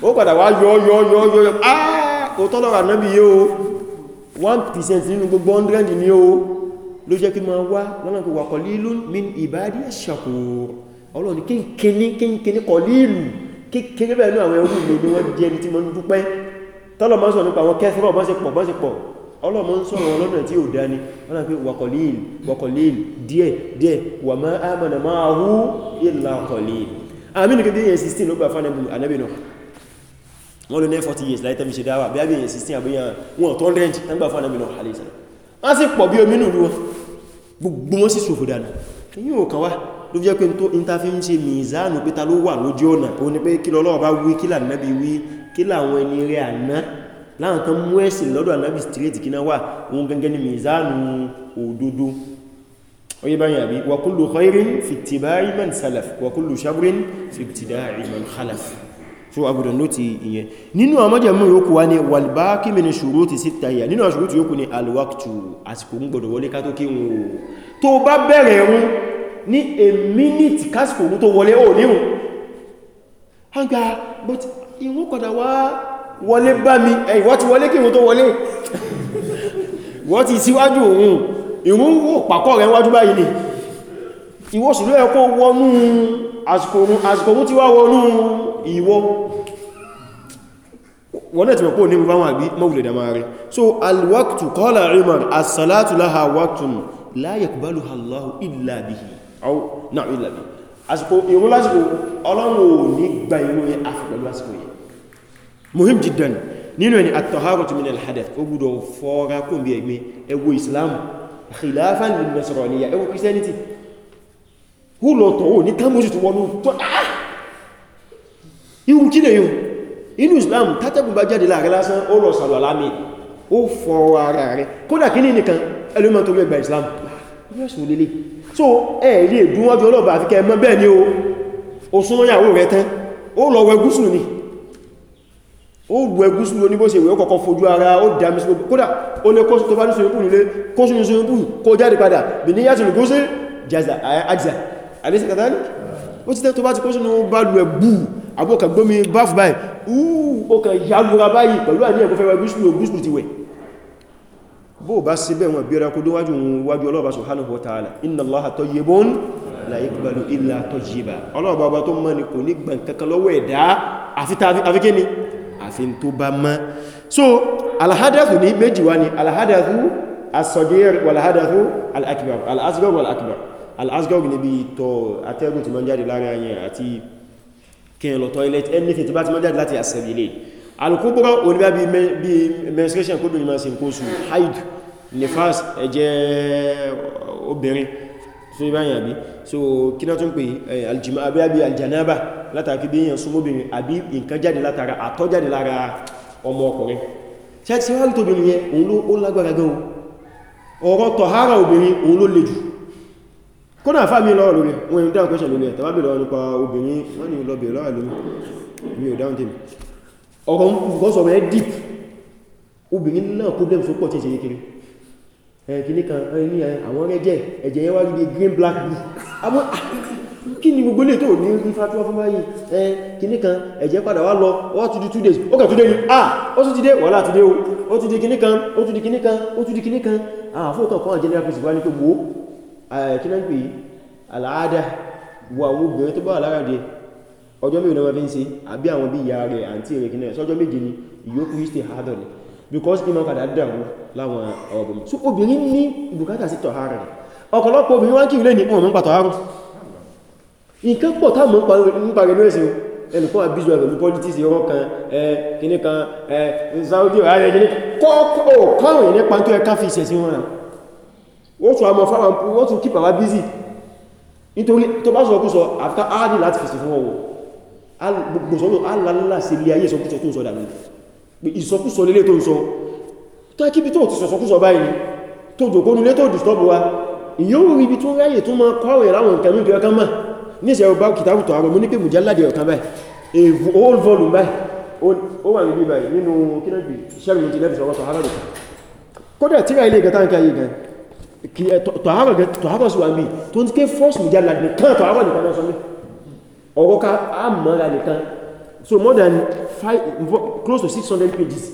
ó padà wá yọ yọ yọ yọ yọ ah òtọ́lọ́rà náà bí yóò 1% nínú gbogbo 100 ni ó ló jẹ́ kí máa wá lọ́nà pé wàkọ̀ lílú min ìbádí àṣàkòrò ọlọ́ni kíkíní kíkíní kọ̀ lílù kékeré bẹ̀rẹ̀ ní àwọn ẹrù ìlú ni wọ́n jẹ́ ẹni tí mo ń dúpẹ́ tọ́lọ̀ máa ń sọ nípa àwọn kẹfẹ́rọ̀ bá ṣe pọ̀ bá ṣe pọ̀ ọlọ́mọ ń sọ̀rọ̀ lọ́nà tí ò dání wọ́n pé wàkọ̀lìl wàkọ̀lìl díẹ̀ díẹ̀ wà máa ámànà máa hú ìlà kọ̀lìl àmìnì kí díẹ̀ 16 ló gbà fánà ànábìnà wọ́n ló ní 40 years láìtẹ́ mi ṣe dáwà bí i 16 àbúyàn wọn 100 tán gbà fánà ànábìnà àlẹ́sàn wọ́n sì pọ̀ bí omi nù lúwọ́n gbogbo wọn sì sòfò dànù èyí ò kàn wá ló jẹ́ pé tó ìntàfí ń ṣe mìzánù pé ta ló wà lójú ọ̀nà ó ní pé kí lọ́lọ́wọ́ bá wí kí lànàbí wí kí làwọn ẹni rẹ̀ àná láwọn kan mú ẹ̀sìn lọ́dọ̀ ànábì stíréètì kí náà wà òun gẹ́gẹ́ ní mìzánù òdodo oye báyìí àbí wa kullu khairin fi ittiba'i man salaf wa kullu sharrin fi ibtida'i man khalaf so agbọ́dọ̀ ló ti ìyẹn nínú àmọ́jẹ̀mú yóò wá ní wàlbákí mẹ́ni ṣòro ti sí tàyà nínú àṣòro ti yóò ní alwaktu àsìkò ń gbọ́dọ̀ wọlé ká tó kí wọn o tó bá bẹ̀rẹ̀ ẹ̀rún ní a minute kásìkò ń tó wọlé ò níhun hanga but ìwọ́n kọ̀dà wá wọlé bá mi ẹ̀yìnwọ́ ti wọlé kí wọn tó wọlé [LAUGHS] wọ́n ti síwájú òun ìwọ́n wò pàkọ́ rẹ̀ wájú báyìí ni ìwọ́sùn ló ẹ̀kọ́ wọnú àsìkò òun ti wá wọnú ìwọ wọ́n náà ti mọ̀ pé ní gbogbo àwọn àbí mọ́wùlẹ̀ dàmà rẹ̀ so alwaktu qala Umar as-salatu laha waktun la yaqbaluha Allahu illa bihi aw na illa bihi àsìkò ìrun lásìkò Ọlọ́run ò ní gba ìrun yẹn àfi pẹ̀lú àsìkò yẹn muhim jiddan nínú ẹni at-taharatu min al-hadath ó gbọ́dọ̀ fọ́ra kó Christianity hú lọ tọ̀wọ̀ ní kámọ́sì tó wọnú tó dáa irú kí lè yùn inú Islam tátẹ́gùn bá jáde láàrẹ lásán ó lọ sàlọ̀ alámi ó fọ ara rẹ̀ kódà kí ní nìkan ẹlúmọ̀ tó mẹ́gbà Islam yẹ́sùn lélé so ẹ lè dúnwájú ọlọ́bà àti kẹmọ́ bẹ́ẹ̀ ni o ó súnmọ́yàwó rẹ̀ tán ó lọ wẹgúsù ní ó wẹgúsù ní bó ṣe wẹ́ kọ́kọ́ fojú ara ó dámi sí kódà ó lè kóṣù tó bá ní sọ́yìnkú nílé kóṣù ní sọ́yìnkú kó jáde padà bí ní yàtùn gúúsù jaza àjíza àdísẹ̀kátà ó ti tẹ́ tó bá ti kóṣù ní ó bá lù ẹ̀ búù abọ́kà gbómi báfù báyìí ó kà yálura báyìí pẹ̀lú àní ẹ̀kọ́ fẹ́wàá gúúsùlù gúúsùlù ti wẹ̀ bó bá sí bẹ́ wọn bíra kó déwájú wájú ọlọ́ọ̀bá subhanahu wa ta'ala inna allaha tayyibun la yaqbalu illa tayyiba ọlọ́ọ̀bá ọba tó mọ́ ni kò so alhadathu ní méjì wá ni alhadathu as-saghir walhadathu al-akbar al-asghar wal-akbar al-asghar ni bí tọ́ atẹ́gùn ti mọ́ jáde láàrin ayẹ àti kí n lọ toilet anything tó bá ti mọ́jáde láti àṣẹ̀lì ilé alukúbọ́rọ̀ oníbá bí menstruation kó dùnmọ́ sí kóòsù haid nifas ẹ̀jẹ̀ obìnrin so ibáyìn àbí so kí náà tún pè aljima àbí àbí aljanaba látàkí bí èèyàn súnmọ́bìnrin àbí nǹkan jáde látara àtọ́jáde lára ọmọ ọkùnrin ṣe ti wá ní tóbi nìyẹn òun ló lágbára gan ọ̀rọ̀ tọ̀hárà obìnrin òun ló le jù kódà fàmí lọ́wọ́ lórí wọn ìdáhùn question lórí ẹ̀tàwà bèèrè wọn nípa obìnrin wọ́n ni lọ bèèrè lọ́wọ́ lórí mi ò dáhùn tèmi ọ̀rọ̀ gọ́sọ̀ rẹ̀ deep obìnrin náà problem so pọ̀ tí ṣe yíkiri ẹ̀kìní kan ní àwọn rẹ̀jẹ̀ ẹ̀jẹ̀ yẹwà rí green black blue àmọ́ ah, kí ni gbogbo lè tó ní rí fatuwa fún báyìí ẹ kìní kan ẹ̀jẹ̀ padà wá lọ ó ti di 2 days ó kà túdé ní ah ó tún ti dé wọ́lá túdé ó ti di kìní kan ó tún di kìní kan ó tún di kìní kan ah fún ọkàn kan general principle wá ní pé wo Eh, kí náà ń pè yí àlàádà wo àwọn obìnrin tó bá wà lára díẹ̀ ọjọ́ méjì lọ́wọ́ fi ń ṣe àbí àwọn bí ìyá rẹ̀ àǹtí rẹ̀ kí náà sọ́jọ́ méjì ni ìyókù ìsìtì àádọ́ ni because ìmọ̀ padà dàrú láwọn ọ̀bùn eh, so obìnrin ní ìbùkátà sí tọ̀hárà ọ̀pọ̀lọpọ̀ obìnrin wá kìí lè ní ọmọ pàtọ̀ àrùn nǹkan pọ̀ táàmù nípa rẹ̀ lóẹ̀sìn ẹnìkan àbíjọ ẹ̀rọ politics ìrọ́ kan eh, kìnnìkan Saudi Arabia kọ́kọ́ kọ́rùn-ún nípa tó ẹ̀ká fi ìṣẹ̀sí wọn náà wọ́n tún àmọ́ fáwọn pín wọ́n tún kí bàbá bízì nítorí tó bá sọ́kú sọ after áàdì láti fèsì fún ọwọ́ gbogbo alàlá sí ilé ayé ìsọkúsọ tó ń sọ dànù ìsọkúsọ lélé tó ń sọ tákíbi tó ti sọ̀sọ̀kúsọ báyìí tó jòkó nílé tó dìstọ́bù wa ìyóò rí ibi tó ráyè tó máa kọ́ rẹ̀ láwọn nǹkan mìíràn kan máa ní ìṣẹ̀rọ bá kìtàbù tó àrọ̀ mú ní pé mùjáládì ọ̀kan báyìí old volume báyìí ó wà níbi báyìí nínú kí tọ̀hábà sí wà ní tó ń ké fọ́sì mùjálà nìkan tọ̀hábà nìkan náà sọmí ọ̀rọ̀ ká a mọ́ra nìkan so more than five close to 600 pages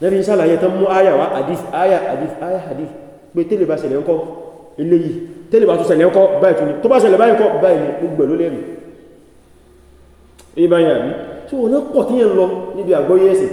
lẹ́bí ìṣàlàyé tán mú àyà wá hadith àyà hadith àyà hadith pé tẹ́lẹ̀ bá ṣẹlẹ̀ ńkọ́ ilé yìí tẹ́lẹ̀ bá tó ṣẹlẹ̀ ńkọ́ báyìí tún ní tó bá ṣẹlẹ̀ báyìí ńkọ́ báyìí ní gbogbo ló lẹ́rìí ibáyà rí so wọ́n náà pọ̀ tí yẹn lọ níbi àgbọ́yé ẹ̀sìn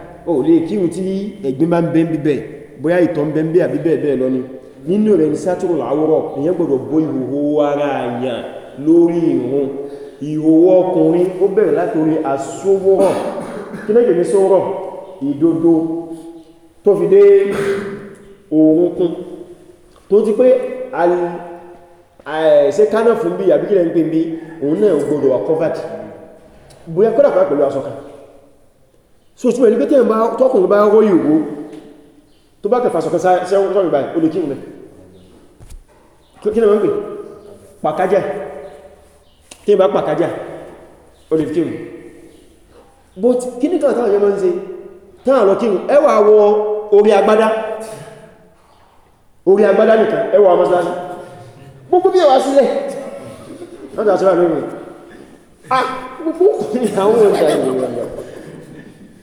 o lè kírun tí ẹ̀gbin bá ń bẹ bíbẹ̀ bóyá ìtọ̀ ń bẹ bẹ́ àbí bẹ́ẹ̀ bẹ́ẹ̀ lọ ni nínú rẹ̀ ní sátúrò láwọ́rọ̀ èyàn gbọ́dọ̀ bó ìhòhò ara àyàn lórí ìrun ìhòhò ọkùnrin ó bẹ̀rẹ̀ láti orí asówọ́rọ̀ kí lẹ́gbẹ̀ẹ́ ní sówọ́rọ̀ ìdodo tó fi dé orúnkún tó ti pé ṣe kánà fún bí àbíkílẹ̀ ń pè bí òun náà gbọ́dọ̀ wà covered bóyá kọ́dà pẹ̀lú asọ́kan so tí wọ́n ní pé tí ọkùnrin bá rọ́ yòó tó bá kẹfà sọ̀kan sẹ́rọ̀ ìbáyìí ó lè kí ìrìnlẹ̀ kí ni wọ́n pè pàkájá tí bá pàkájá ó lè kí ìrìn but kí ní kan táwọn yẹmọ́ ń ṣe táwọn lọ kí ìrìn ẹwà wọ orí agbádá orí agbádá nìkan ẹwà mọ́sálásí gbogbo bí ẹwà sílẹ̀ lọ́dọ̀ àṣírà lórí ah gbogbo kò ní àwọn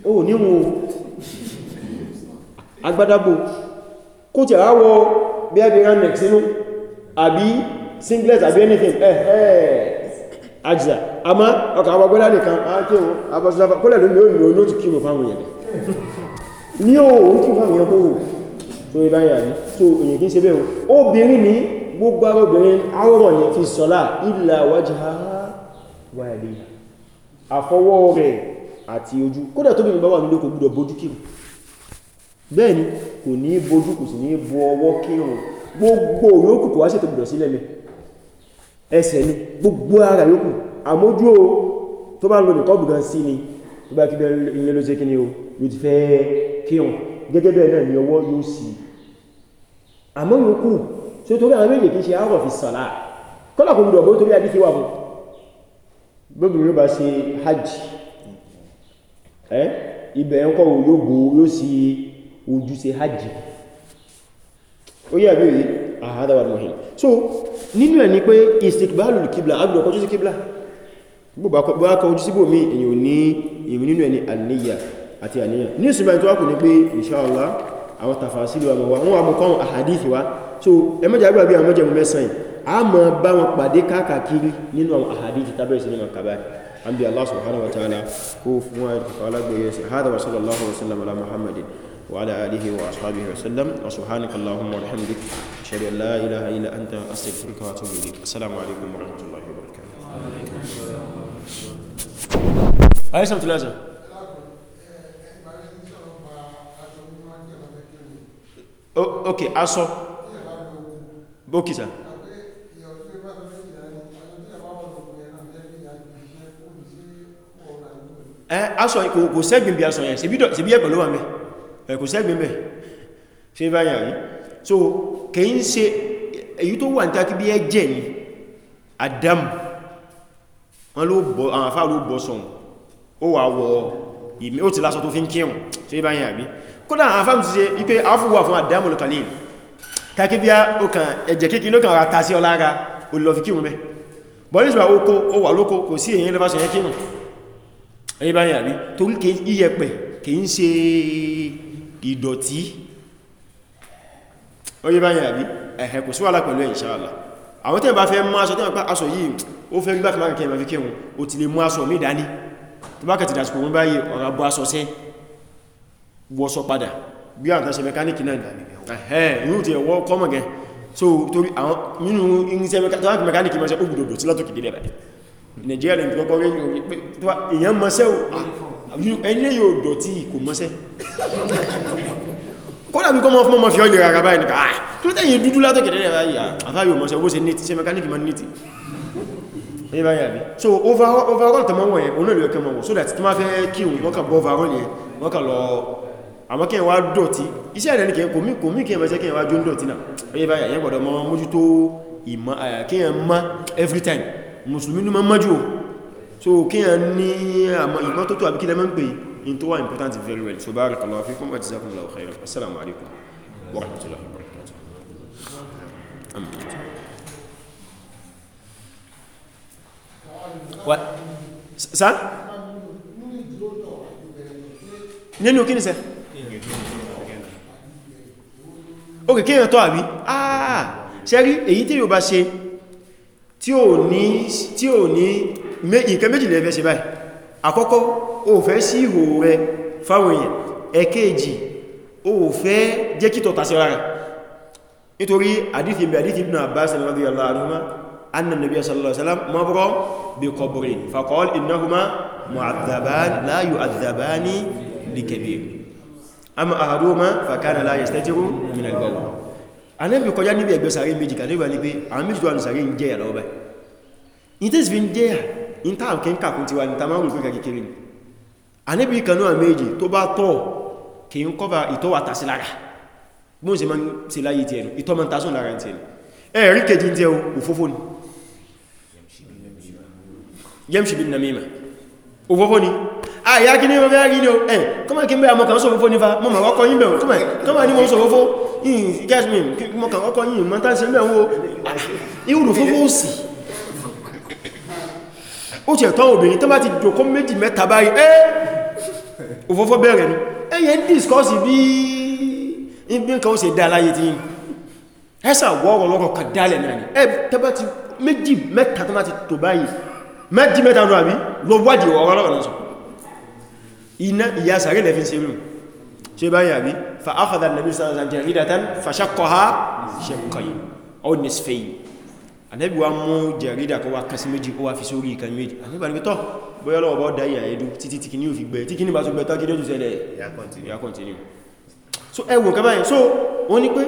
ó níhun agbádábò kó tẹ̀ á wọ bí ẹbí ranex nínú àbí singlet àbí anything ẹ̀ẹ́ àjìdà a má ọkà àwọn agbádá nìkan ákíwọn abọ́síláfà kólẹ̀ ló lórí ló ti kí mọ̀ fáwọn èèyàn ní òun kí fáwọn èèyàn kó wò tó ibá yà ní tó èyàn kí ń ṣe bẹ́ẹ̀ obìnrin ní gbogbo obìnrin àwòrán ní fi sọ́lá ìlà wájá àfọwọ́ rẹ̀ àti ojú kódà tó bìnrin bá wà nílé kò gbúdọ̀ bójú kírun bẹ́ẹ̀ ni kò ní bójú kò sì ní bo ọwọ́ kírun gbogbo yòókù kò wá ṣètò gbúdọ̀ sílẹ̀ mi ẹsẹ̀ ni gbogbo ara yòókù àmójú o tó bá ń lo nìkan bùgán sí ni tó bá kíbẹ̀ ìyẹn ló ṣe kí ni o ló ti fẹ́ kírun gẹ́gẹ́ bẹ́ẹ̀ náà ni ọwọ́ yóò sì àmọ́ yòókù tí ó torí àwọn méjì kìí ṣe àárọ̀ fi sàlá kọ́lá kò gbúdọ̀ bó torí adífíwà fún gbogbo yóò bá ṣe hajj ẹ́ ibẹ̀ ń kọ́ yóò gùn yóò sí ojúṣe hajj ó yẹ́ àbí òye àhádáwà ah, mọ̀hìn so nínú ẹ̀ ni pé istikbalu kibla agbọ̀n kọjú sí kibla gbogbo akọ ojú síbò mí èyàn ní èyàn nínú ẹni àníyà àti àníyàn ní ìsinmi tó wákùn ní pé inṣáàlá àwọn tàfàsílì wa wọ́n wà mọ́ kọ́ àhàdífì wa so ẹmọ́jà àgbà bí àwọn mọ́jẹ̀mú mẹ́sàn-án a mọ́ bá wọn pàdé káàkiri nínú àwọn àhàdífì tàbí عندي الله سبحانه وتعالى كوف موائد فقالك هذا وصلى الله وسلم على محمد وعلى آله وأصحابه وسلم وسبحانك اللهم وبحمدك أشهد أن لا إله إلا أنت أستغفرك وأتوب إليك السلام عليكم ورحمة الله وبركاته أي سمت لازم أوكي أصو بوكي سان Eh, kò sẹ́gbìn bí aṣọ yẹn sí ẹ̀pẹ̀ ló wà mẹ́ eh, kò sẹ́gbìn mẹ́ ṣe báyà rí so kìí ń ṣe èyí tó wà ní tàbí bí ẹ̀jẹ̀ ni adam wọn ló bọ́ àwọn afá ló bọ́ sọ̀n ó wà wọ ìmẹ́ ó ti lásọ tó fi ń kírùn ṣe báyà rí kódà àwọn afá ti adam olùkàlẹ̀ tàbí bí ẹ̀jẹ̀ kékeré ló kàn ra ta sí ọlára olùlọ́fikírùn mẹ́ bọ́lísìwà ó kó ẹ̀yìn bá yàrí torí iyẹ̀pẹ̀ kìí ṣe ìdọ̀tí oye bá yàrí ẹ̀hẹ̀ kò sí wà lápẹ̀lú ẹ̀ inshallah àwọn tẹ́ bá fẹ́ mú aṣọ tẹ́ bá aṣọ yìí ó fẹ́ gbá kìláàkì kẹma fi kẹun ó ti lè mú aṣọ mí dání tó bá kẹtì dàsìkò wọn Nigeria lè kọ́kọ́ rí èyàn mọ́sẹ́ ẹ̀yẹ́ yóò dọ̀tí kò mọ́sẹ́ kódà bí kọ́ mọ́ fún mọ́ fi ọlẹ̀ rárá báyìí nìkan tó tẹ́yìn dúdú látọ̀kẹ̀dẹ̀ ah, àfá yóò so overall tọmọ wọ̀n yẹn onú ìlú ẹ̀kẹ́ mọ̀ so that tí ma fẹ́ kí ẹ mọ́ every musulmi ní mọ́mọ́jú so kí a ní àmà ìmọ́ tó tó àbí kílẹ̀ mọ́n pé in tó wà important very well so barakallahu fikum wa jazakumullahu khairan assalamu alaikum wa rahmatullahi wa barakatuh sa nínú kí ni sẹ́ ok kí èyàn tó àbí ah ṣẹ́rí tí ò ní tí ò ní nǹkan méjì lẹ́fẹ́ ṣe báyìí àkọ́kọ́ o fẹ́ sí ìhò rẹ fáwọn èèyàn ẹ̀kẹ́ẹ̀jì o fẹ́ jẹ́ kí tọ̀ta sí ara rẹ̀ nítorí àdífì bí àdífì ibn Abbas radiyallahu anhuma anna nabiyya sallallahu alaihi wasallam mabra bi qabrin faqala anẹ́bì kọjá níbi ẹgbẹ́ sàárè méjì kàdébà ní pé àwọn méjì wà ní sàárè ń jẹ́ ìyàlọ́ọ̀bá in tẹ́sì fi ń jẹ́ in tàà kí ń kàkún ti wà ní tamarun fún kàkiri ni anẹ́bì kanú à méjì tó bá tọ́ kí ń kọ́bà ìtọ́ wà àyà ah, kí ní wọ́n fẹ́ rí ní o ẹ̀ eh, kọ́mọ̀ kí n bẹ́ àmọ́ sọ fún nífà mọ́ mọ̀kọ́ yìí bẹ̀rún kọ́mọ̀ ní ah, wọ́n sọ fún yìí mọ́kàn kọ́kọ́ yìí mẹ́ta tó eh, bá ti tò báyìí méjì mẹ́ta nù àbí lọ wádìí ọ̀rọ̀ iná ìyá sàrí lẹ́fí sí inú ṣe bá yàrí fa akhadha an-nabiy sallallahu alaihi wasallam jaridatan fa shaqqaha shaqqayn aw nisfayn ànábì wa mú jàrídà kó wá kásí méjì ó wá fi sórí ìkan méjì ànábì ní tọ́ bóyá lọ́wọ́ bá dá ìyà ẹ̀dú títí tí kìí ní òfin gbẹ̀ so ẹwọ̀n kaba so wọ́n ní pé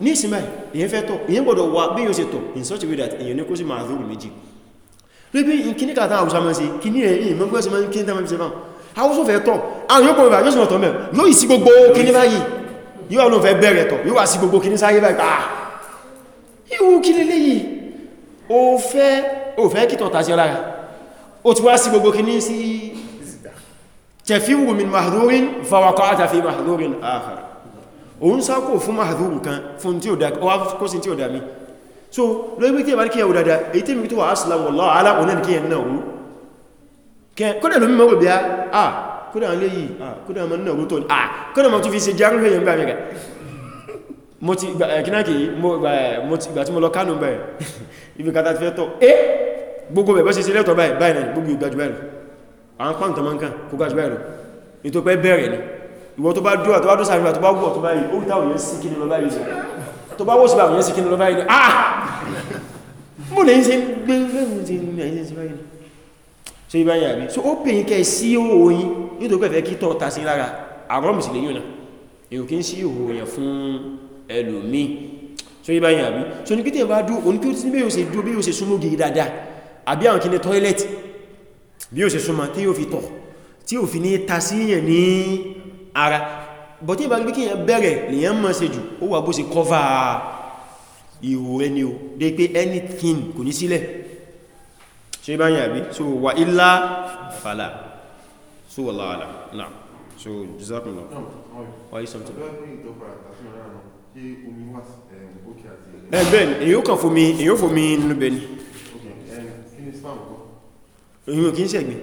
ní ìsinmi èyàn fẹ́ tọ̀ in such a way that èyàn ní kó sì máa rúrù méjì rí bí kìníkà tán àwùsá mọ́ sí kìní rẹ̀ yìí mọ́gbẹ́sí àwọn fẹ́ tọ́ àwọn yóò kọ̀wẹ̀ yóò sì mọ̀tọ̀ mẹ́rin yóò ì sí gbogbo kìní báyìí yóò àwọn fẹ́ bẹ̀rẹ̀ tọ̀ yóò wà sí gbogbo kìní sáyé báyìí pàá ihò kí lè léyìí o fẹ́ o fẹ́ kí tọ̀ta sí ọlára o ti wá sí gbogbo kìní sí tẹ̀fíwù min mahdurin fawakọ́ àtàfí mahdurin akhar òun sákò fún mahdur kan fún tí ó dá ọwá kó sí tí ó dá mi so lórí pé tí ẹ̀bá kí ẹ̀ ò dáadáa èyí tí mi tó wà á sílá wallahu a'lam òun náà kí ẹ̀ náà òun kódà ló mímọ̀ òbí à kódà lè yìí kódà mọ̀ náà rótò à kódà mọ̀ tún fi ṣe járún èyàn gbà mẹ́gà mo ti eh, kìnàkì eh, ìgbà tí mo lọ kánù bẹ̀ [LAUGHS] ibi kata ti fẹ́ tọ́ eh gbogbo bẹ̀ bọ́ sí sílẹ̀ tọ́ báyìí báyìí náà gbogbo ìgbàjú báyìí àwọn pàǹ tọ́ máa ń kàn kó gbàjú báyìí ní tó pẹ́ bẹ̀rẹ̀ ni ìwọ tó bá dúrà tó bá dúrà sàríwà tó bá wù ọ̀tọ́ báyìí ó dáwò yẹn sí kíni lọ báyìí tó bá wò sí báwọn yẹn sí kíni lọ báyìí ah mo lè ń ṣe gbé so ibá yà rí so ó pè yí kẹ́ sí òòyìn nítorí pẹ̀fẹ́ kí tọ́ ta sí lára àrọ́mù sí lè yíò náà èrò kí ń sí òòyìn fún ẹlòmí so ibá yà rí so ní kíkẹ́ bá dú oníkí ó ti bí yóò ṣe dú bí yóò ṣe súnmọ́ gírí dáadáa àbí àwọn kíní tọ́ílẹ̀tì bí yóò ṣe súnmọ́ tí yóò fi tọ̀ tí yóò fi ní ta sí yẹn ní ara bọ̀ tí ìbá gbé kíyàn bẹ̀rẹ̀ lèyàn mọ́ ṣe jù ó wà bó anything kò ní sílẹ̀ ṣe bá yà bí so wà ilá fàlà so wà láàlá náà so jízákùn lọ wáyé sọ́mtọ́ ẹgbẹ́ èyí ó kàn fomi èyí ó fomi nínú bẹ ni èyí ò kí ń ṣe ẹ̀gbẹ́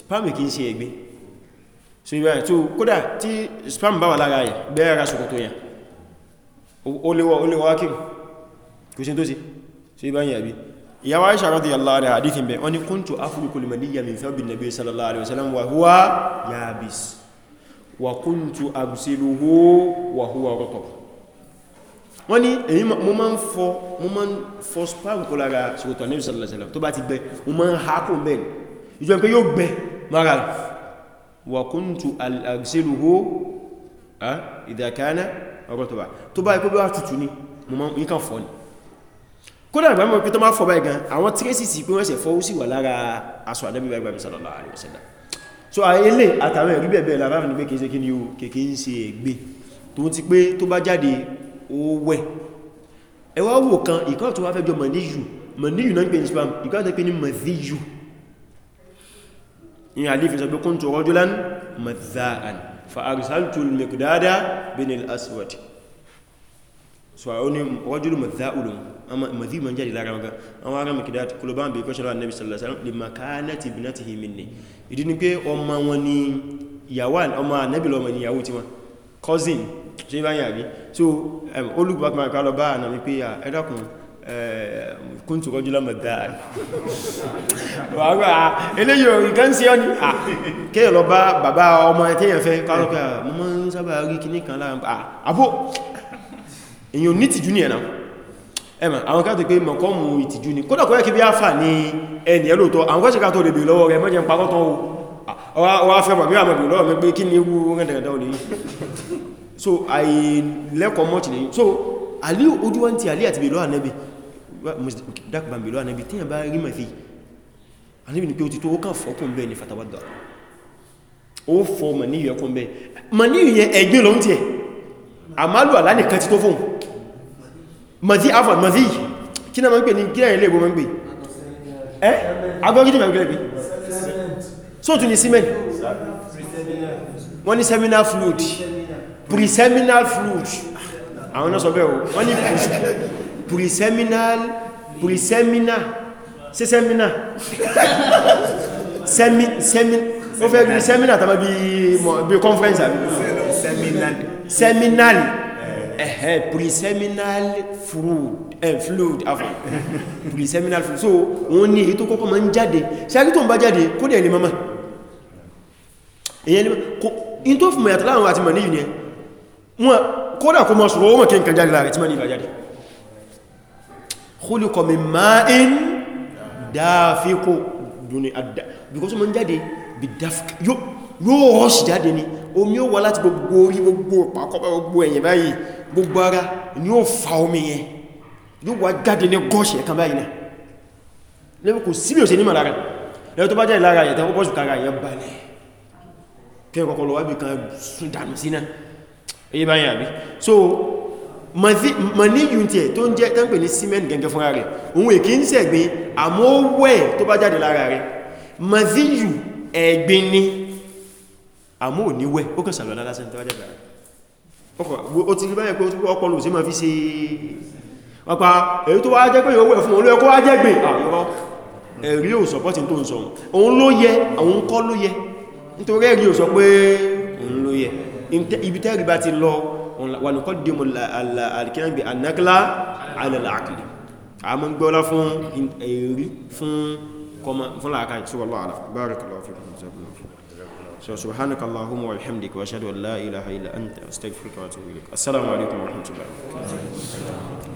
spam kì í ṣe ẹ̀gbẹ́ so ìbá tó kódà tí spam bá wà lára yẹ bẹ́ẹ̀ ra ṣòkòtò yẹn ó léwọ́ ó ákìrì kò sí tó sí so ìbá yẹn àbí ìyàwó Aisha radiyallahu anha hadithin bẹ̀ wọ́n ní kuntu afruku al-maniyya min thawbi an-nabi sallallahu alaihi wasallam wa huwa yabis wa kuntu absiluhu wa huwa ratab wọ́n ní èyí mo máa ń fọ mo máa ń fọ spam kó lára ṣòkòtò nabi sallallahu alaihi wasallam tó bá ti gbẹ wá ah, tutù kódà àgbàmọ̀ pé tó máa fọ́ báyìí gan àwọn tírésì sí pé wọ́n ṣe fọ́wọ́ sí wà lára aṣọ ànábì bá ìgbàmí so àìlè àtàwọn ẹ̀rí bẹ̀bẹ̀ lára ní pé kìí ṣe kí ni o kìí ń ṣe ẹ̀gbẹ́ tó ti pé tó bá jáde ó wẹ̀ ẹwà wò kan ìkọ́ tó wá fẹ́ jọ mọ̀níyù mọ̀níyù náà ń pè ní spam fa arsaltu al-Miqdada bin so àwọn ni rajulu madha'ulun ama madhi man jadi lára wọn àwọn ará Miqdad kúlọ bá ń bèèrè kọ́ṣọ́lá Nabi sallallahu alaihi wasallam li makanati ibnatihi minni ìdí ni pé ọmọ wọn ni ìyàwó ọmọ Nabi lọmọ ni ìyàwó tiwọn cousin ṣe bá yà bí so olùgbàkùnmà kálọ bá ànà wípé ẹ̀dàkùn kúntù rajula madha'a [LAUGHS] wàá eléyìí nǹkan sí ọ́ ni kéèyàn lọ bá bàbá ọmọ ẹ̀tẹ́yàn fẹ́ kálọ́pẹ́ mọ́ sábà rí kìnnìkan láàrín àbó èyàn ní tìjú ní ẹ̀nà ẹ̀mà àwọn káàtò pé mọ̀kànmù ìtìjú ní kódà kó yẹ kí bí áfà ní ẹni ẹlòtọ́ àwọn kọ́ṣẹ́ká tó lè bèèrè lọ́wọ́ rẹ mọ́jẹ́ pàkọ́tọ́ wá fẹ́ mọ̀ bí wà so àìlẹ́kọ̀ọ́ mọ́tì ní so alí ojú wá ń ti alí àti bèèrè lọ́wọ́ anẹ́bì dákùbà bèèrè lọ́wọ́ anẹ́bì tíyàn bá rí mẹ́fì anẹ́bì ni pé ó ti ni fatawadà ó fọ́ mọ̀ ní ìyẹ́kùn bẹ́ẹ̀ mọ̀ ní ìyẹn ẹ̀gbìn lóúnjẹ àmálù àlá nìkan ti tó fóun mazi afon mazi kí náà ma ń pè ní kílẹ̀ ilé ìgbò ma ń pè ẹ́ agbọ́gídì ma ń pè so tún ni semen wọ́n ni seminal fluid preseminal fluid àwọn náà sọ bẹ́ẹ̀ o wọ́n ni preseminal preseminal sí seminal semin semin ó fẹ́ bí seminal seminal ẹ̀hẹ́ eh, eh, pre-seminal fluid eh, fluid afọ ah, pre-seminal [LAUGHS] fluid so wọ́n ní èyí tó kọ́kọ́ ma ń jáde ṣáàkí tó ń bá jáde kó dẹ̀ lè mama èyàn lè in tó fún mẹ́yàtọ̀ láwọn àti mọ̀ ní ìyẹn wọ́n kódà kó mọ́ sọ̀rọ̀ wọ́n kí n kan jáde láàrẹ tí mọ́ ní ìbá jáde khuliqa min ma'in dafiqo duni adda because mo ń jáde bi Yo, yóò rọ́ọ̀ṣì jáde ni omi ó wá láti gbogbo orí gbogbo pàkọ́pẹ́ gbogbo ẹ̀yìn báyìí gbogbo ara ni ó fa omi yẹn yóò wá jáde ní gọ́ọ̀ṣì ẹ̀kan báyìí náà lẹ́wọ́ kò sí bí ò sí ní màlára lẹ́wọ́ tó bá jẹ́ ìlara yẹ̀ tẹ́wọ́ pọ̀sù kára yẹ̀ balẹ̀ kẹ́kọ̀ọ́kọ́ lọ wábì kan sún dànù sí náà èyí báyìí àbí so maníyùn tiẹ̀ tó ń jẹ́ tẹ́ǹpẹ̀ ní cement gẹ́gẹ́ fúnra rẹ̀ òun èkí ń sẹ̀gbin àmọ́ wẹ̀ tó bá jáde lára rẹ̀ mazíyù ẹ̀gbin ni àmọ́ ò ní wẹ̀ ó kẹsàlọ́lá lásán tó bá jáde lára rẹ̀ ó ti rí báyẹ̀ pé ọpọlù sí ma fi ṣe ọpa èyí tó wá jẹ́ pé ìyọ́wẹ̀ fún olú ẹkọ́ wá jẹ́ gbìn àwọn ah, ẹ̀rí ò sọpọ́tí tó ń sọ òun ló yẹ àwọn kọ́ ló yẹ nítorí ẹ̀rí ò sọ pé òun ló yẹ ibi tẹ́rì bá ti lọ wà ní kọ́ dìmọ̀ alkẹ́rìnbì anákílá alẹ́lẹ́kìlì a mọ́ gbọ́lá fún ẹ̀rí fún kọmọ fún làákàí sọ́wọ́lọ́ àlàfà bárakàlọ́ fíkùn sẹ́kùn سبحانك اللهم وبحمدك واشهد ان لا اله الا انت استغفرك واتوب اليك السلام عليكم ورحمه الله وبركاته